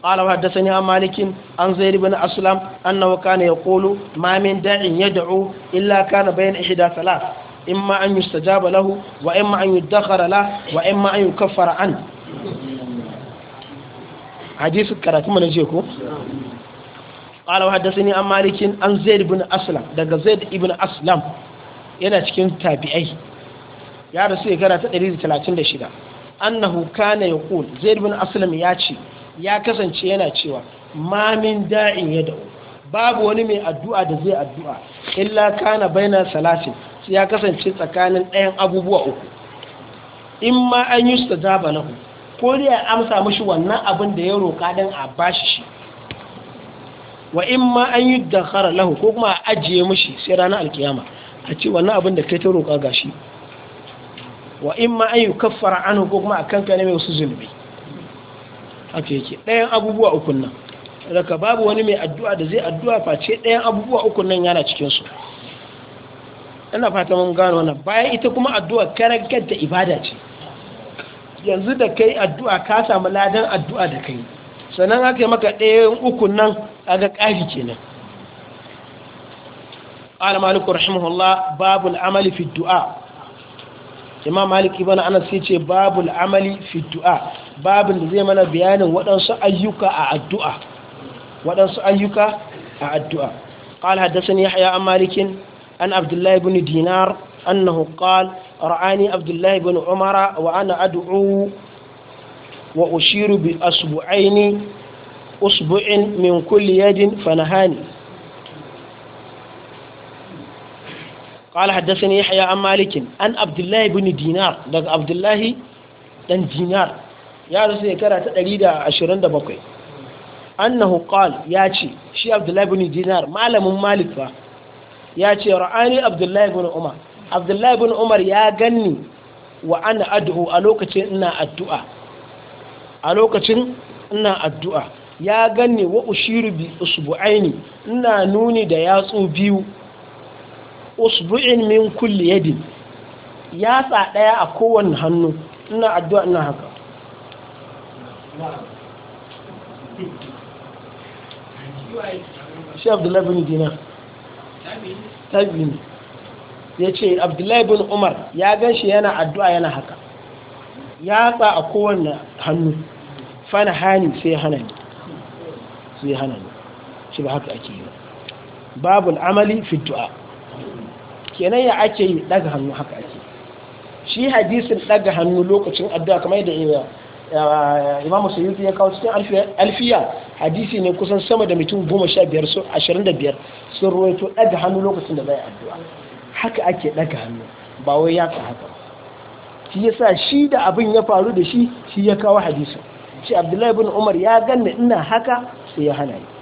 قال وحدثني عن مالك عن زيد بن أسلم أنه كان يقول ما من داع يدعو إلا كان بين إحدى ثلاث إما أن يستجاب له وإما أن يدخر له وإما أن يكفر عنه حديث الكراتي من قال وحدثني عن مالك عن زيد بن أسلم دقى زيد بن أسلم yana cikin tabi'ai ya rasu shekara ta 136 annahu kana yaqul zaid bin aslam ya ce ya kasance yana cewa ma min da'in ya da'u babu wani mai addu'a da zai addu'a illa kana baina salatin sai ya kasance tsakanin ɗayan abubuwa uku in ma an yi su zaba nahu ko da ya amsa mashi wannan abin da ya roƙa don a bashi shi wa in ma an yi dakara lahu ko kuma a ajiye mashi sai ranar alkiyama a ce wannan abin da kai ta roƙa gashi wa in ma an yukaffara anhu ko kuma a ne mai wasu zunubi haka yake ɗayan abubuwa uku nan daga babu wani mai addu'a da zai addu'a face ɗayan abubuwa uku nan yana cikin su ina fata mun gano wannan bayan ita kuma addu'a karagar da ibada ce yanzu da kai addu'a ka samu ladan addu'a da kai sannan aka yi maka ɗayan uku nan aga ƙari kenan مالك رحمه rahimahullah باب العمل في الدعاء imam maliki bani ana sai ce babu al'amali mana bayanin waɗansu ayyuka a addu'a waɗansu ayyuka a addu'a qala haddathani an malikin an abdullahi ibn dinar annahu qala ra'ani abdullahi ibn umara wa ana ad'u wa ushiru bi asbu'aini usbu'in min kulli yadin fanahani قال حدثني يحيى عن مالك عن عبد الله بن دينار دغ عبد الله ta ɗari يا رسول كرا تا 127 annahu qal ya ce shi عبد الله بن malamin malik fa ya ce ra'ani عبد الله بن عمر عبد الله ya ganni wa ana ad'u a lokacin ina addu'a ya ganni wa ushiru bi usbu'aini ina nuni da yatsu biyu usbu'in min kulli yadin yatsa ɗaya a kowanne hannu ina addu'a ina haka shi abdullahi bin dinar tabi ya ce abdullahi bin umar ya gan shi yana addu'a yana haka yatsa a kowanne hannu fana hani sai hana ne sai hana ne shi ba haka ake yi babu al'amali fi du'a kenan ya ake yi daga hannu haka ake shi hadisin daga hannu lokacin addu'a kamar yadda eh, eh, imam sayyidi ya kawo cikin alfiya hadisi ne kusan sama da mutum goma sha biyar su ashirin da biyar sun ruwaito daga hannu lokacin da zai addu'a haka ake daga hannu ba wai ya ka haka shi sa shi da abin ya faru da shi shi ya kawo hadisi shi abdullahi bin umar ya ganna ina haka sai ya hana ni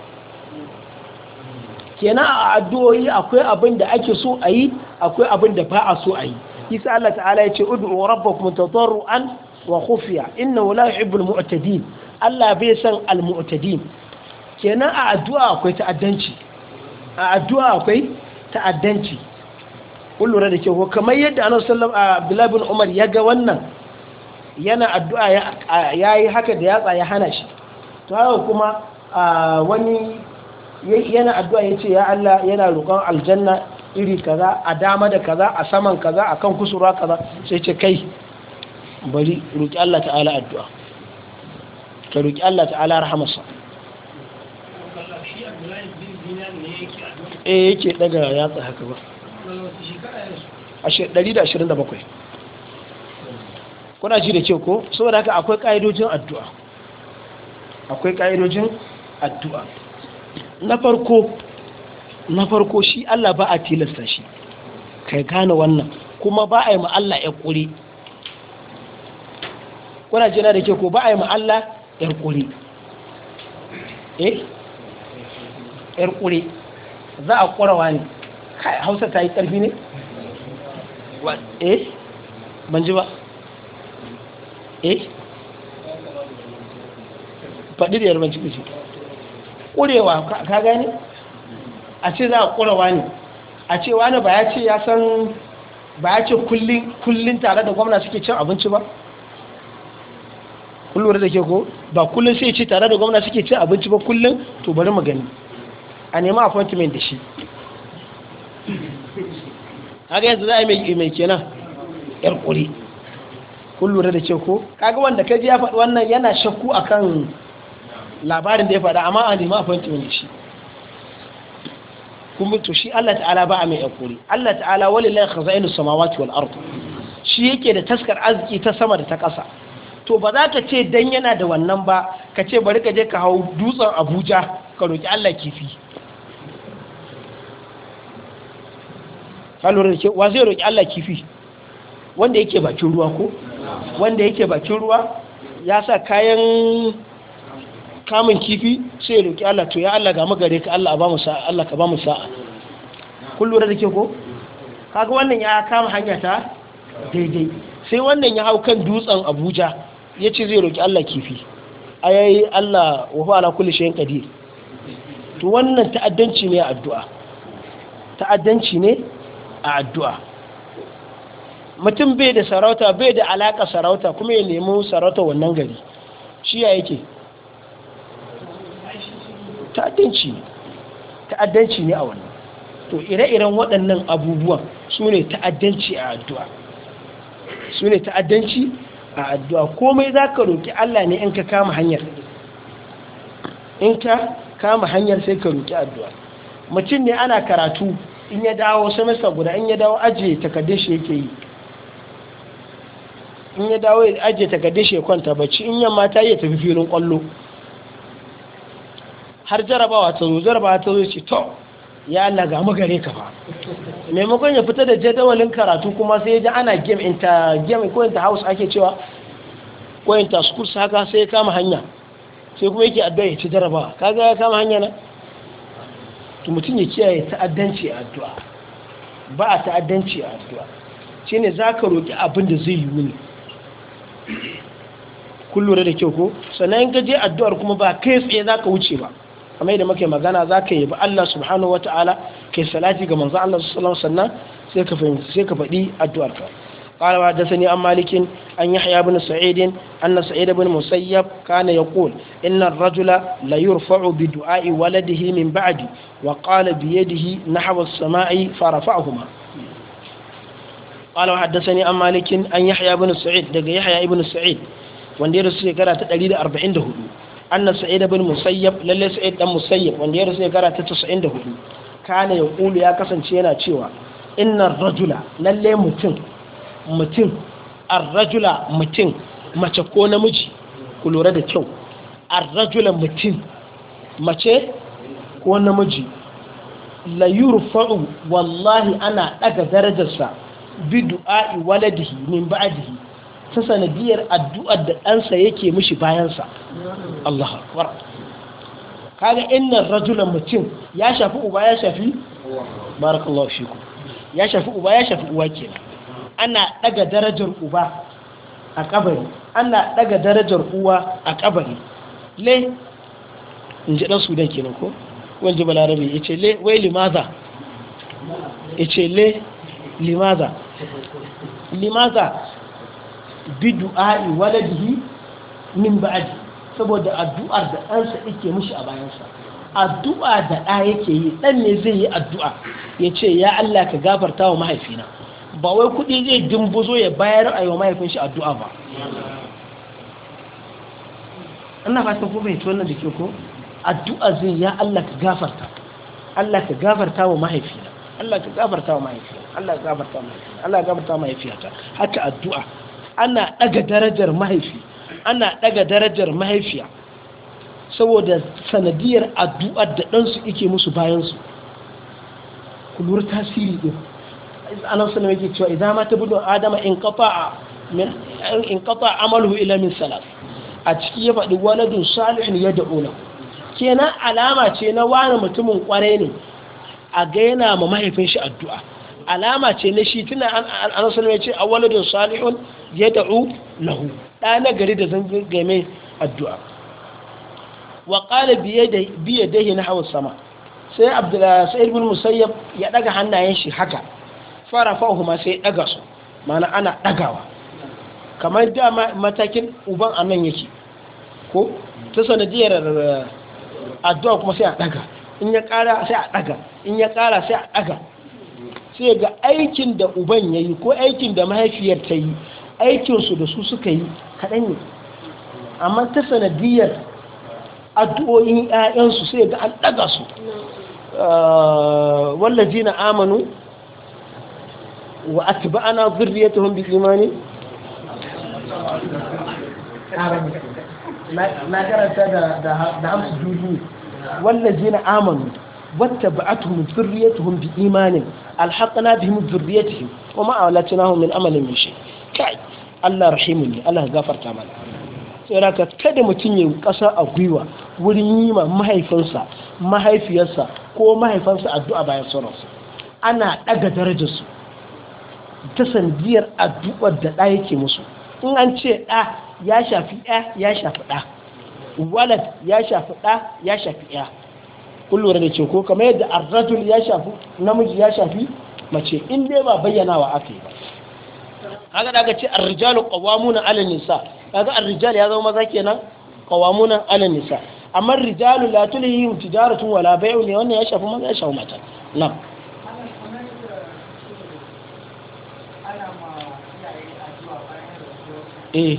kenan a addu'o'i akwai abin da ake so a yi akwai abin da ba a so a yi isa Allah ta'ala ya ce ud'u rabbakum tadarruan wa khufiya innahu la yuhibbul mu'tadin Allah bai san al mu'tadin kenan a addu'a akwai ta'addanci a addu'a akwai ta'addanci kun lura da kyau kamar yadda annabi sallallahu alaihi wasallam Umar ya ga wannan yana addu'a ya yi haka da yatsa ya hana shi to haka kuma wani yana addu'a ya ce ya Allah yana roƙon aljanna iri kaza a dama da kaza a saman kaza a kan kusura kaza sai ce kai bari roƙi Allah ta'ala addu'a ka roƙi Allah ta'ala rahamarsa eh yake daga yatsa haka ba bakwai. kuna ji da ke ko saboda haka akwai ƙa'idojin addu'a akwai ƙa'idojin addu'a na farko na farko shi Allah ba a tilasta shi kai gane wannan kuma ba a yi ma Allah ya kuri kuna jina da ke ko ba a yi ma Allah ya kuri eh ya kure za a kura wani kai hausa ta yi ƙarfi ne eh ban ji ba eh faɗi da yarbanci kuce ƙurewa ka gani a ce za a ƙurewa ne a ce wani ba ya ce ya san ba ya ce kullum tare da gwamna suke cin abinci ba kullum da ke ko ba kullum sai ce tare da gwamna suke cin abinci ba kullum to bari mu gani a nema appointment da shi haka yanzu za a yi mai kenan yar ƙuri kullum da ke ko kaga wanda kaji ya faɗi wannan yana shakku akan labarin da ya faɗa amma an nemi appointment wani shi kuma to shi Allah ta'ala ba a mai yakuri Allah ta'ala walillahi khazainu samawati wal ard shi yake da taskar arziki ta sama da ta ƙasa to ba za ka ce dan yana da wannan ba ka ce bari ka je ka hau dutsen Abuja ka roki Allah kifi halwar da wa zai roki Allah kifi wanda yake bakin ruwa ko wanda yake bakin ruwa ya sa kayan kamun kifi sai ya roƙi Allah to ya Allah ga mu gare ka Allah ba mu sa'a Allah ka ba mu sa'a kun lura da ke ko kaga wannan ya kama hanya ta daidai sai wannan ya hau kan dutsen Abuja ya ce zai roƙi Allah kifi ayayi Allah wa huwa ala kulli shay'in qadir to wannan ta'addanci ne a addu'a ta'addanci ne a addu'a mutum bai da sarauta bai da alaka sarauta kuma ya nemi sarauta wannan gari shi ya yake ta'addanci ne ta'addanci ne a wannan to ire-iren waɗannan abubuwan su ne ta'addanci a addu'a su ne ta'addanci a addu'a komai za ka roƙi Allah ne in ka kama hanyar in ka kama hanyar sai ka roƙi addu'a mutum ne ana karatu in ya dawo samista guda in ya dawo ajiye takardun shi yake yi in ya dawo ajiye takardun shi ya kwanta bacci in yamma ta yi tafi filin kwallo har jarabawa ta zo jarabawa ta zo ce to ya laga mu gare ka fa maimakon ya fita da jadawalin karatu kuma sai ya ji ana game inta game ko inta house ake cewa ko inta school saka sai ya kama hanya sai kuma yake addu'a ya ci jarabawa kaga ya kama hanya na to mutum ya kiyaye ta'addanci a addu'a ba a ta'addanci a addu'a shine zaka roki abin da zai yi wuni? Kullum da kyau ko sannan in ka je addu'ar kuma ba kai tsaye zaka wuce ba kamar yadda muke magana za ka yabi Allah subhanahu wa ta'ala ke salati ga manzan Allah sallallahu sannan sai ka fahimci sai ka faɗi addu'ar ka قال وحدثني عن مالك أن يحيى بن سعيد أن سعيد بن مسيب كان يقول إن الرجل لا يرفع بدعاء ولده من بعدي وقال بيده نحو السماء فرفعهما قال وحدثني عن مالك أن يحيى بن سعيد دقى يحيى بن سعيد وندير السيكرة تقليد أربعين دهدو anna sa'id ibn musayyab lalle sa'id dan musayyab wanda ya rasu shekara ta 94 kana ya kulu ya kasance yana cewa innar rajula lalle mutum mutum ar-rajula mutum mace ko namiji ku lura da kyau ar-rajula mutum mace ko namiji la yurfa'u wallahi ana daga darajarsa bi du'a'i waladihi min ba'dihi ta sanadiyar addu'ar da ɗansa yake mishi bayansa Allah haƙwar kaga inna rajulan mutum ya shafi uba ya shafi barakallahu fiku ya shafi uba ya shafi uwa ke ana ɗaga darajar uba a ƙabari. ana ɗaga darajar uwa a ƙabari. le in ji dan sudan kenan ko wanda balarabe ce le wai limaza ce le limaza limaza bidu'a'i waladihi min ba'di saboda addu'ar da ɗansa yake mishi a bayansa addu'a da ɗa yake yi ɗan ne zai yi addu'a ya ce ya Allah ka gafarta wa mahaifina ba wai kuɗi zai dimbuzo ya bayar a yau mahaifin shi addu'a ba ina fatan ko bai wannan da ke ko addu'a zai ya Allah ka gafarta Allah ka gafarta wa mahaifina Allah ka gafarta wa mahaifina Allah ka gafarta wa mahaifina Allah ka gafarta wa mahaifiyata haka addu'a ana ɗaga darajar mahaifi ana ɗaga darajar mahaifiya saboda sanadiyar addu'ar da ɗansu ike musu bayansu ku lura tasiri ɗin anan suna yake cewa idan ma ta budu adama in kafa a amalu ila a ciki ya faɗi waladun salihun ya da'ula kenan alama ce na wani mutumin kwarai ne a gaina ma mahaifin shi addu'a alama ce na shi tuna an asali mai ce a waladun salihun ya da'u lahu ɗa na gari da zan game addu'a wa ƙala biya dahi na hawa sama sai abdullahi bin musayyab ya ɗaga hannayen shi haka fara ma sai ya ɗaga su mana ana ɗagawa kamar da matakin uban a nan yake ko ta sanadiyar eh, addu'a kuma sai a ɗaga in ya ƙara sai a ɗaga in ya ƙara sai a ɗaga sai ga aikin da uban ya yi ko aikin da mahaifiyar ta yi aikinsu da su suka yi kaɗan ne amma ta sanadiyar addu'o'in 'ya'yansu sai ga an ɗaga su ah, wallazi na amanu wa atba'ana zurriyatuhum bi imani na karanta da hamsu juju wallazi na amanu واتبعتهم ذريتهم بإيمان ألحقنا بهم ذريتهم وما أولتناهم من أمل من شيء كاي الله رحيم الله غفر تعمل saboda kada mutum ya kasa a gwiwa wurin yi ma mahaifinsa mahaifiyarsa ko mahaifansa addu'a bayan sauransu ana ɗaga darajarsu ta sandiyar addu'ar da ɗa yake musu in an ce ɗa ya shafi ɗa ya shafi ɗa walad ya shafi ɗa ya shafi ɗa kun da ce ko kamar yadda arzatul ya shafi namiji ya shafi mace in dai ba bayyanawa aka yi ba kaga da aka ce arrijalu qawamuna 'ala nisa kaga arrijal ya zama maza kenan qawamuna 'ala nisa amma rijalu la tulihim tijaratun wala yau ne wannan ya shafi maza ya shafi mata na'am eh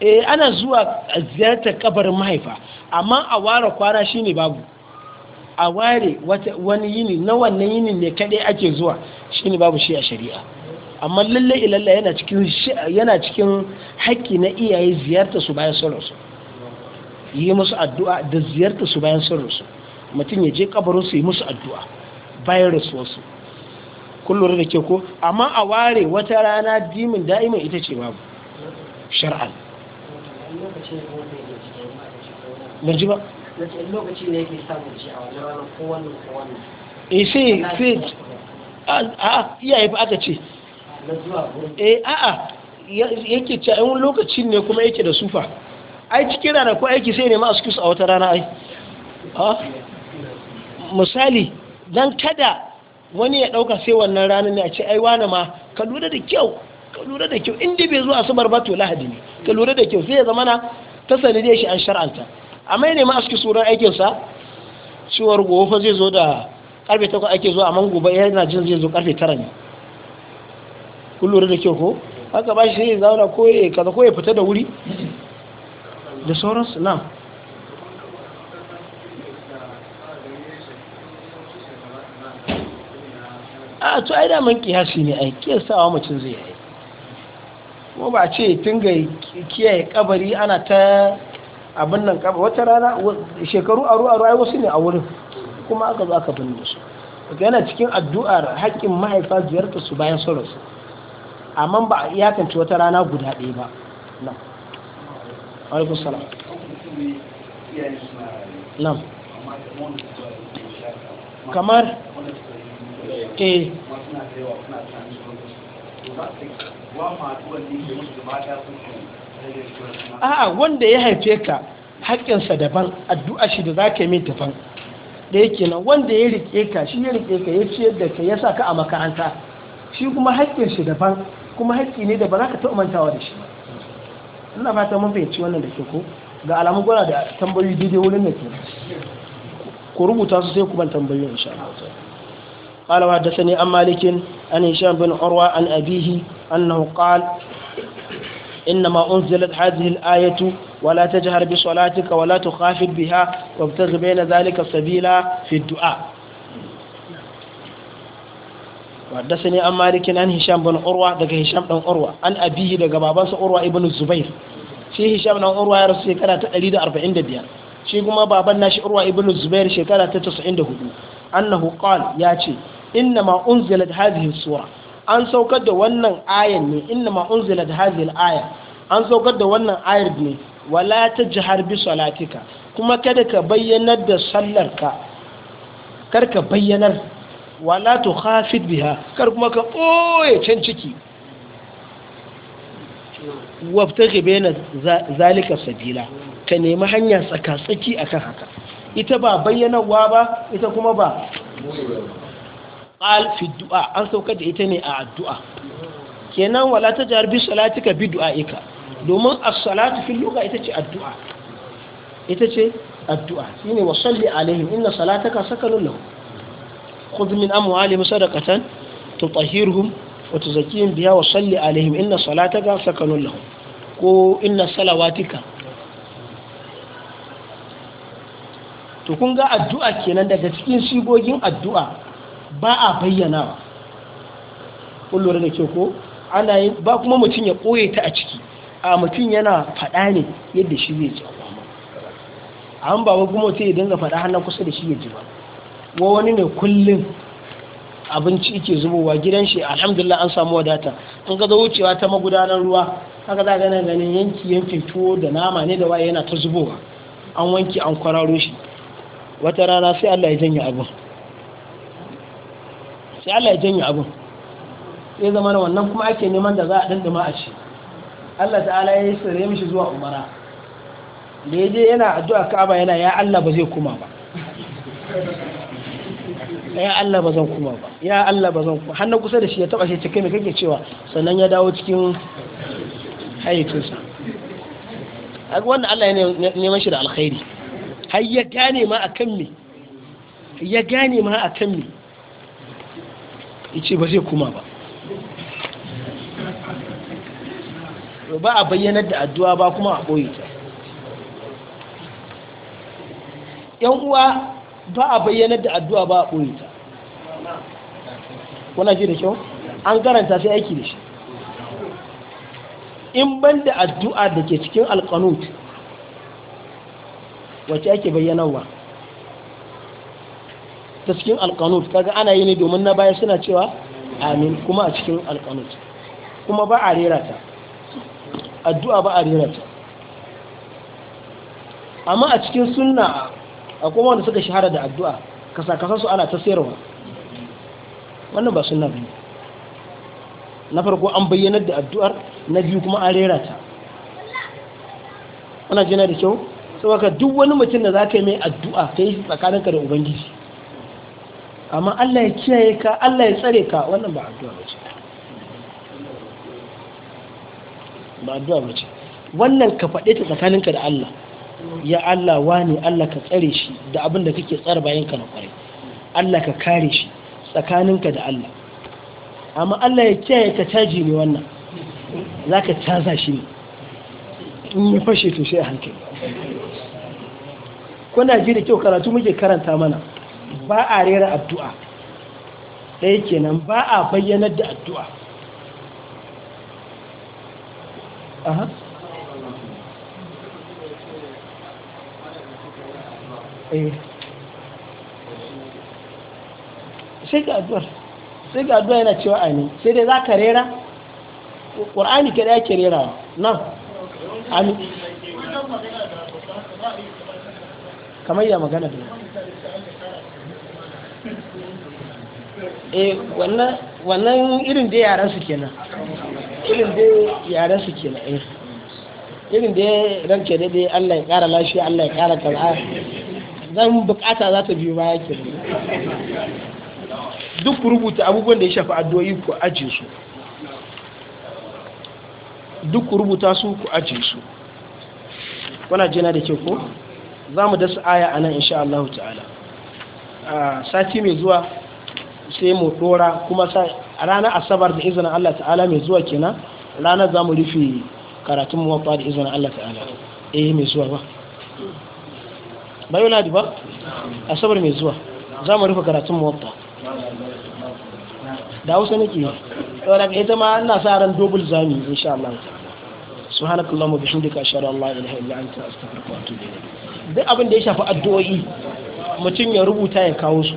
eh ana zuwa ziyarta kabarin mahaifa amma a ware kwana shine babu a ware wani yini na wannan yini ne kadai ake zuwa shine babu shi a shari'a amma lalle ilalla yana cikin yana cikin haƙƙi na iyaye ziyarta su bayan sun rasu yi musu addu'a da ziyarta su bayan sun rasu mutum ya je kabarin su yi musu addu'a bayan rasuwarsu kullum da ke ko amma a ware wata rana dimin da'imin ita ce babu shar'an lokaci ne yake samun ci a wannan ranar ko eh, sai sai a iyaye fa aka ce eh a'a yake ce a yawon lokaci ne kuma yake da sufa ai cikin rana ko aiki sai ne ma excuse a wata rana ai misali don kada wani ya dauka sai wannan ranar ne a ce ai wani ma ka lura da kyau ka lura da kyau inda bai zuwa asabar ba to lahadi ne ka lura da kyau sai ya zamana ta sanadiyar shi an shar'anta amma ne ma aski tsoron aikin sa ciwar gofa zai zo da karfe takwas ake zuwa amma gobe yana jin zai zo karfe tara ne kun lura da kyau ko haka ba shi sai ya zauna ko ya kaza ko ya fita da wuri da sauran na'am a to ai da man kiyasi ne ai wa mutum zai yi kuma ba ce tun ga kiyaye kabari ana ta abin nan kabari wata rana shekaru aru aru ai wasu ne a wurin kuma aka zo aka binne su yana cikin addu'ar haƙƙin mahaifa ziyartar su bayan sun su amma ba a iyakance wata rana guda ɗaya ba nan alaikun salam nan kamar eh a'a wanda ya haife ka haƙƙinsa daban addu'a shi da za ka yi mai daban da yake nan wanda ya riƙe ka shi ya riƙe ka ya ciyar da ka ya sa ka a makaranta shi kuma haƙƙin shi daban kuma haƙƙi ne da ba za ka taɓa da shi ina fata mun fahimci wannan da ke ko ga alamun gwada da tambayoyi daidai wurin da ke ku rubuta su sai ku ban tambayoyi insha Allah qala wa hadathani an malikin عن هشام بن عروة عن أبيه أنه قال إنما أنزلت هذه الآية ولا تجهر بصلاتك ولا تخافت بها وابتغ بين ذلك سبيلا في الدعاء وحدثني عن مالك عن هشام بن عروة دك هشام بن عروة عن أبيه دك بابانس عروة ابن الزبير شي هشام بن عروة يا رسول كانت 145 شي كما بابان ناشي عروة ابن الزبير شي كانت 94 أنه قال يا شي inna ma unzilat hadhihi sura an saukar da wannan ayar ne inna ma unzilat hadhihi aya an saukar da wannan ayar ne wala tajhar bi salatika kuma kada ka bayyanar da sallarka kar ka bayyanar wala tukhafid biha kar kuma ka oye can ciki wabtaghi bayna zalika sabila ka nemi hanya tsaka-tsaki akan haka ita ba bayyanarwa ba ita kuma ba al fi an saukar da ita ne a addu'a kenan wala ta salati ka bi du'aika domin a salatu fi lugha ita ce addu'a ita ce addu'a shine wa salli alaihim inna salataka sakanun lahum khudh min amwalihim sadaqatan tutahhiruhum wa tuzakkihim biha wa salli alaihim inna salataka sakanun lahum ko inna salawatika to kun ga addu'a kenan daga cikin shigogin addu'a ba a bayyanawa ƙullure da ke ko ana yi ba kuma mutum ya koye ta a ciki a mutum yana faɗa ne yadda shi zai ji a an ba kuma mutum ya dinga faɗa hannun kusa da shi ya ji ba wa wani ne kullum abinci ke zubowa gidan shi alhamdulillah an samu wadata an ga zo wucewa ta magudanar ruwa haka za ga ganin yanki yankin tuwo da nama ne da waye yana ta zubowa an wanki an kwararo shi wata rana sai Allah ya janye abin sai Allah ya janye abin sai zama na wannan kuma ake neman da za a dandama a ci Allah ta'ala ya yi ya mishi zuwa umara da ya je yana addu'a ka'aba yana ya Allah ba zai kuma ba ya Allah ba zan kuma ba ya Allah ba zan kuma hannun kusa da shi ya taba shi cikin mai kake cewa sannan ya dawo cikin hayyacinsa a wannan Allah ya neman shi da alkhairi har ya gane ma a kan ya gane ma akan me ce ba zai kuma ba ba a bayyanar da addu'a ba kuma a ɓoye ta ‘yan uwa ba a bayyanar da addu'a ba a ɓoye ta wana ji da kyau an karanta sai aiki da shi in ban da addu'a da ke cikin alƙanut wacce ake bayyanarwa ta cikin alkanut kaga ana yi ne domin na baya suna cewa amin kuma a cikin alkanut kuma ba a rera ta addu'a ba a rera ta amma a cikin sunna kuma wanda suka shahara da addu'a kasa-kasa su ana ta sayarwa wannan ba sunna ba na farko an bayyanar da addu'ar na biyu kuma an rera ta ana jina da kyau saboda duk wani mutum da za ka yi mai addu'a ta yi tsakaninka da ubangiji amma Allah ya kiyaye ka Allah ya tsare ka wannan ba addu'a ba ce ba addu'a ba ce wannan ka faɗe ta tsakaninka da Allah ya Allah wani Allah ka tsare shi da abin da kake tsara bayan ka na kwarai Allah ka kare shi tsakaninka da Allah amma Allah ya kiyaye ka caji ne wannan za ka caza shi ne in yi fashe to sai a hankali kuna ji da kyau karatu muke karanta mana ba a rera addu'a yake kenan ba a bayyanar da addu'a eh. sai ga addu'ar sai ga addu'a yana cewa amin sai dai za ka rera ƙwar'ani kada yake rerawa nan amin kamar ya magana da Eh, wannan irin da yaran su kenan irin da yaran su kenan eh. irin da ranke da dai Allah ya kara lafiya Allah ya kara kaza zan bukata za ta biyo baya ke duk rubuta abubuwan da ya shafi addu'o'i ku aje su duk rubuta su ku aje su kuna jina da ke ko za mu dasa aya a nan insha Allah ta'ala a sati mai zuwa sai mu tsora kuma a ranar asabar da izinin Allah ta'ala mai zuwa kenan ranar za mu rufe karatun muwatta da izinin Allah ta'ala eh mai zuwa ba bayo ladi ba asabar mai zuwa za mu rufe karatun muwatta da hausa nake yi wadda ita ma ina sa ran dubul zami insha Allah subhanakallah wa bihamdika ashhadu Allah ya ilaha illa anta astaghfiruka wa atubu duk abin da ya shafi addu'o'i mutum ya rubuta ya kawo su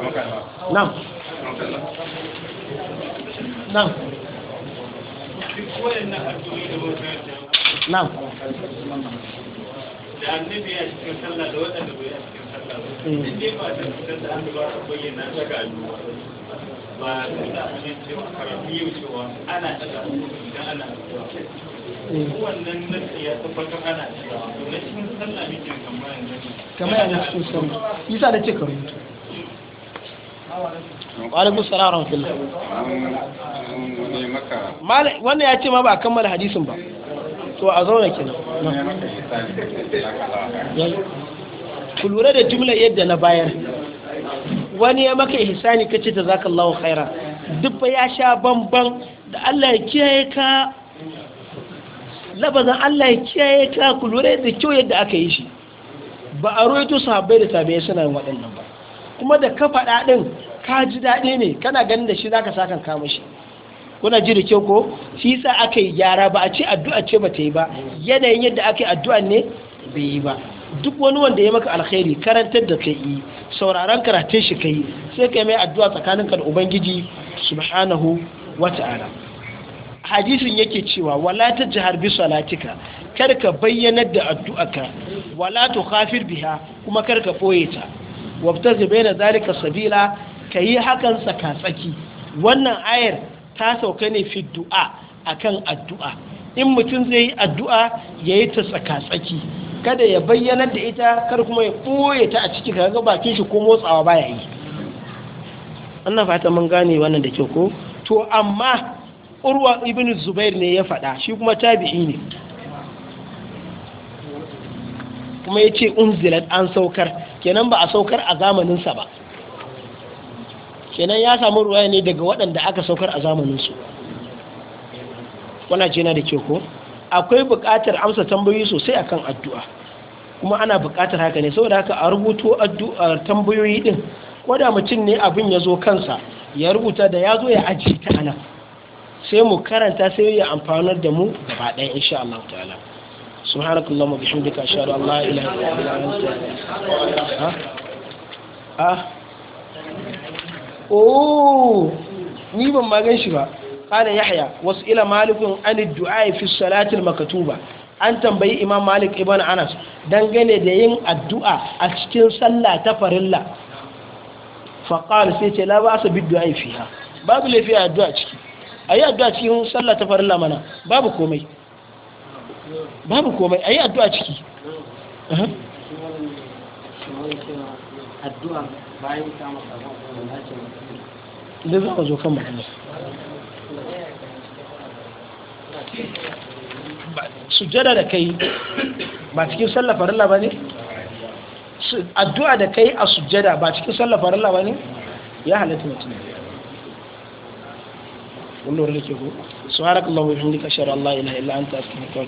na'am na'am na'am da annabi ya sallah da bai sallah ba ba da da ba ba da ana ya ana cewa to sallah kamar yanzu kamar yanzu da ce ka Walaikun sararun fil. Wannan ya ce ma ba a kammala hadisin ba. To a zaune kenan. Ku lura da jumla yadda na bayar. Wani ya maka ihsani kace ta zaka Allahu khaira. Duk ya sha bamban da Allah ya kiyaye ka labazan Allah ya kiyaye ka ku lura da kyau yadda aka yi shi. Ba a ruwaito sahabbai da tabi'ai suna yin waɗannan ba. kuma da ka faɗa ɗin ka ji daɗi ne kana ganin da shi za ka sakan kama shi kuna ji da kyau ko shi sa aka yi gyara ba a ce addu'a ce ba ta yi ba yanayin yadda aka yi addu'a ne bai yi ba duk wani wanda ya maka alkhairi karantar da ka yi sauraron karatun shi ka yi, sai ka yi mai addu'a tsakaninka da ubangiji subhanahu ta'ala hadisin yake cewa wala ta jihar bi salatika kar ka bayyanar da addu'aka wala tu khafir biha kuma kar ka boye ta wabtaji baina zalika sabila kayi hakan tsaka-tsaki. wannan ayar ta sauka ne fi du'a akan addu'a in mutum zai yi addu'a yayi ta tsakatsaki kada ya bayyana da ita kar kuma ya koye ta a cikin kaga bakin shi ko motsawa baya yi annan fata mun gane wannan da kyau ko to amma urwa ibn zubair ne ya faɗa shi kuma tabi'i ne kuma ya ce unzilat an saukar kenan ba a saukar a zamaninsa ba kenan ya samu ruwa ne daga waɗanda aka saukar a zamaninsu wana ce na da ke ko akwai buƙatar amsa tambayoyi sosai akan addu'a kuma ana buƙatar haka ne saboda haka a rubuto addu'ar tambayoyi ɗin koda mutum ne abin ya zo kansa ya rubuta da ya zo ya ajiye ta anan sai mu karanta sai ya amfanar da mu gaba ɗaya insha Allah ta'ala سبحانك اللهم وبحمدك اشهد ان لا اله الا انت ها ها أوه ni ban ما غنشي با ba يحيى yahya wasu ila الدعاء an du'a fi an tambayi imam malik ibn anas dangane da yin addu'a a cikin sallah ta farilla fa qala sai ce la ba su bi du'a fiha babu lafiya addu'a ciki ayi addu'a cikin sallah ta farilla mana babu komai babu komai a yi addu'a ciki sujjada da kai ba cikin sallafar Allah ba ne? addu'a da kai a sujjada ba cikin sallafar Allah ba ne? ya halatta mutum wurin da ke ko su harakallahu bihamdika kashar Allah ila illa anta astaghfiruka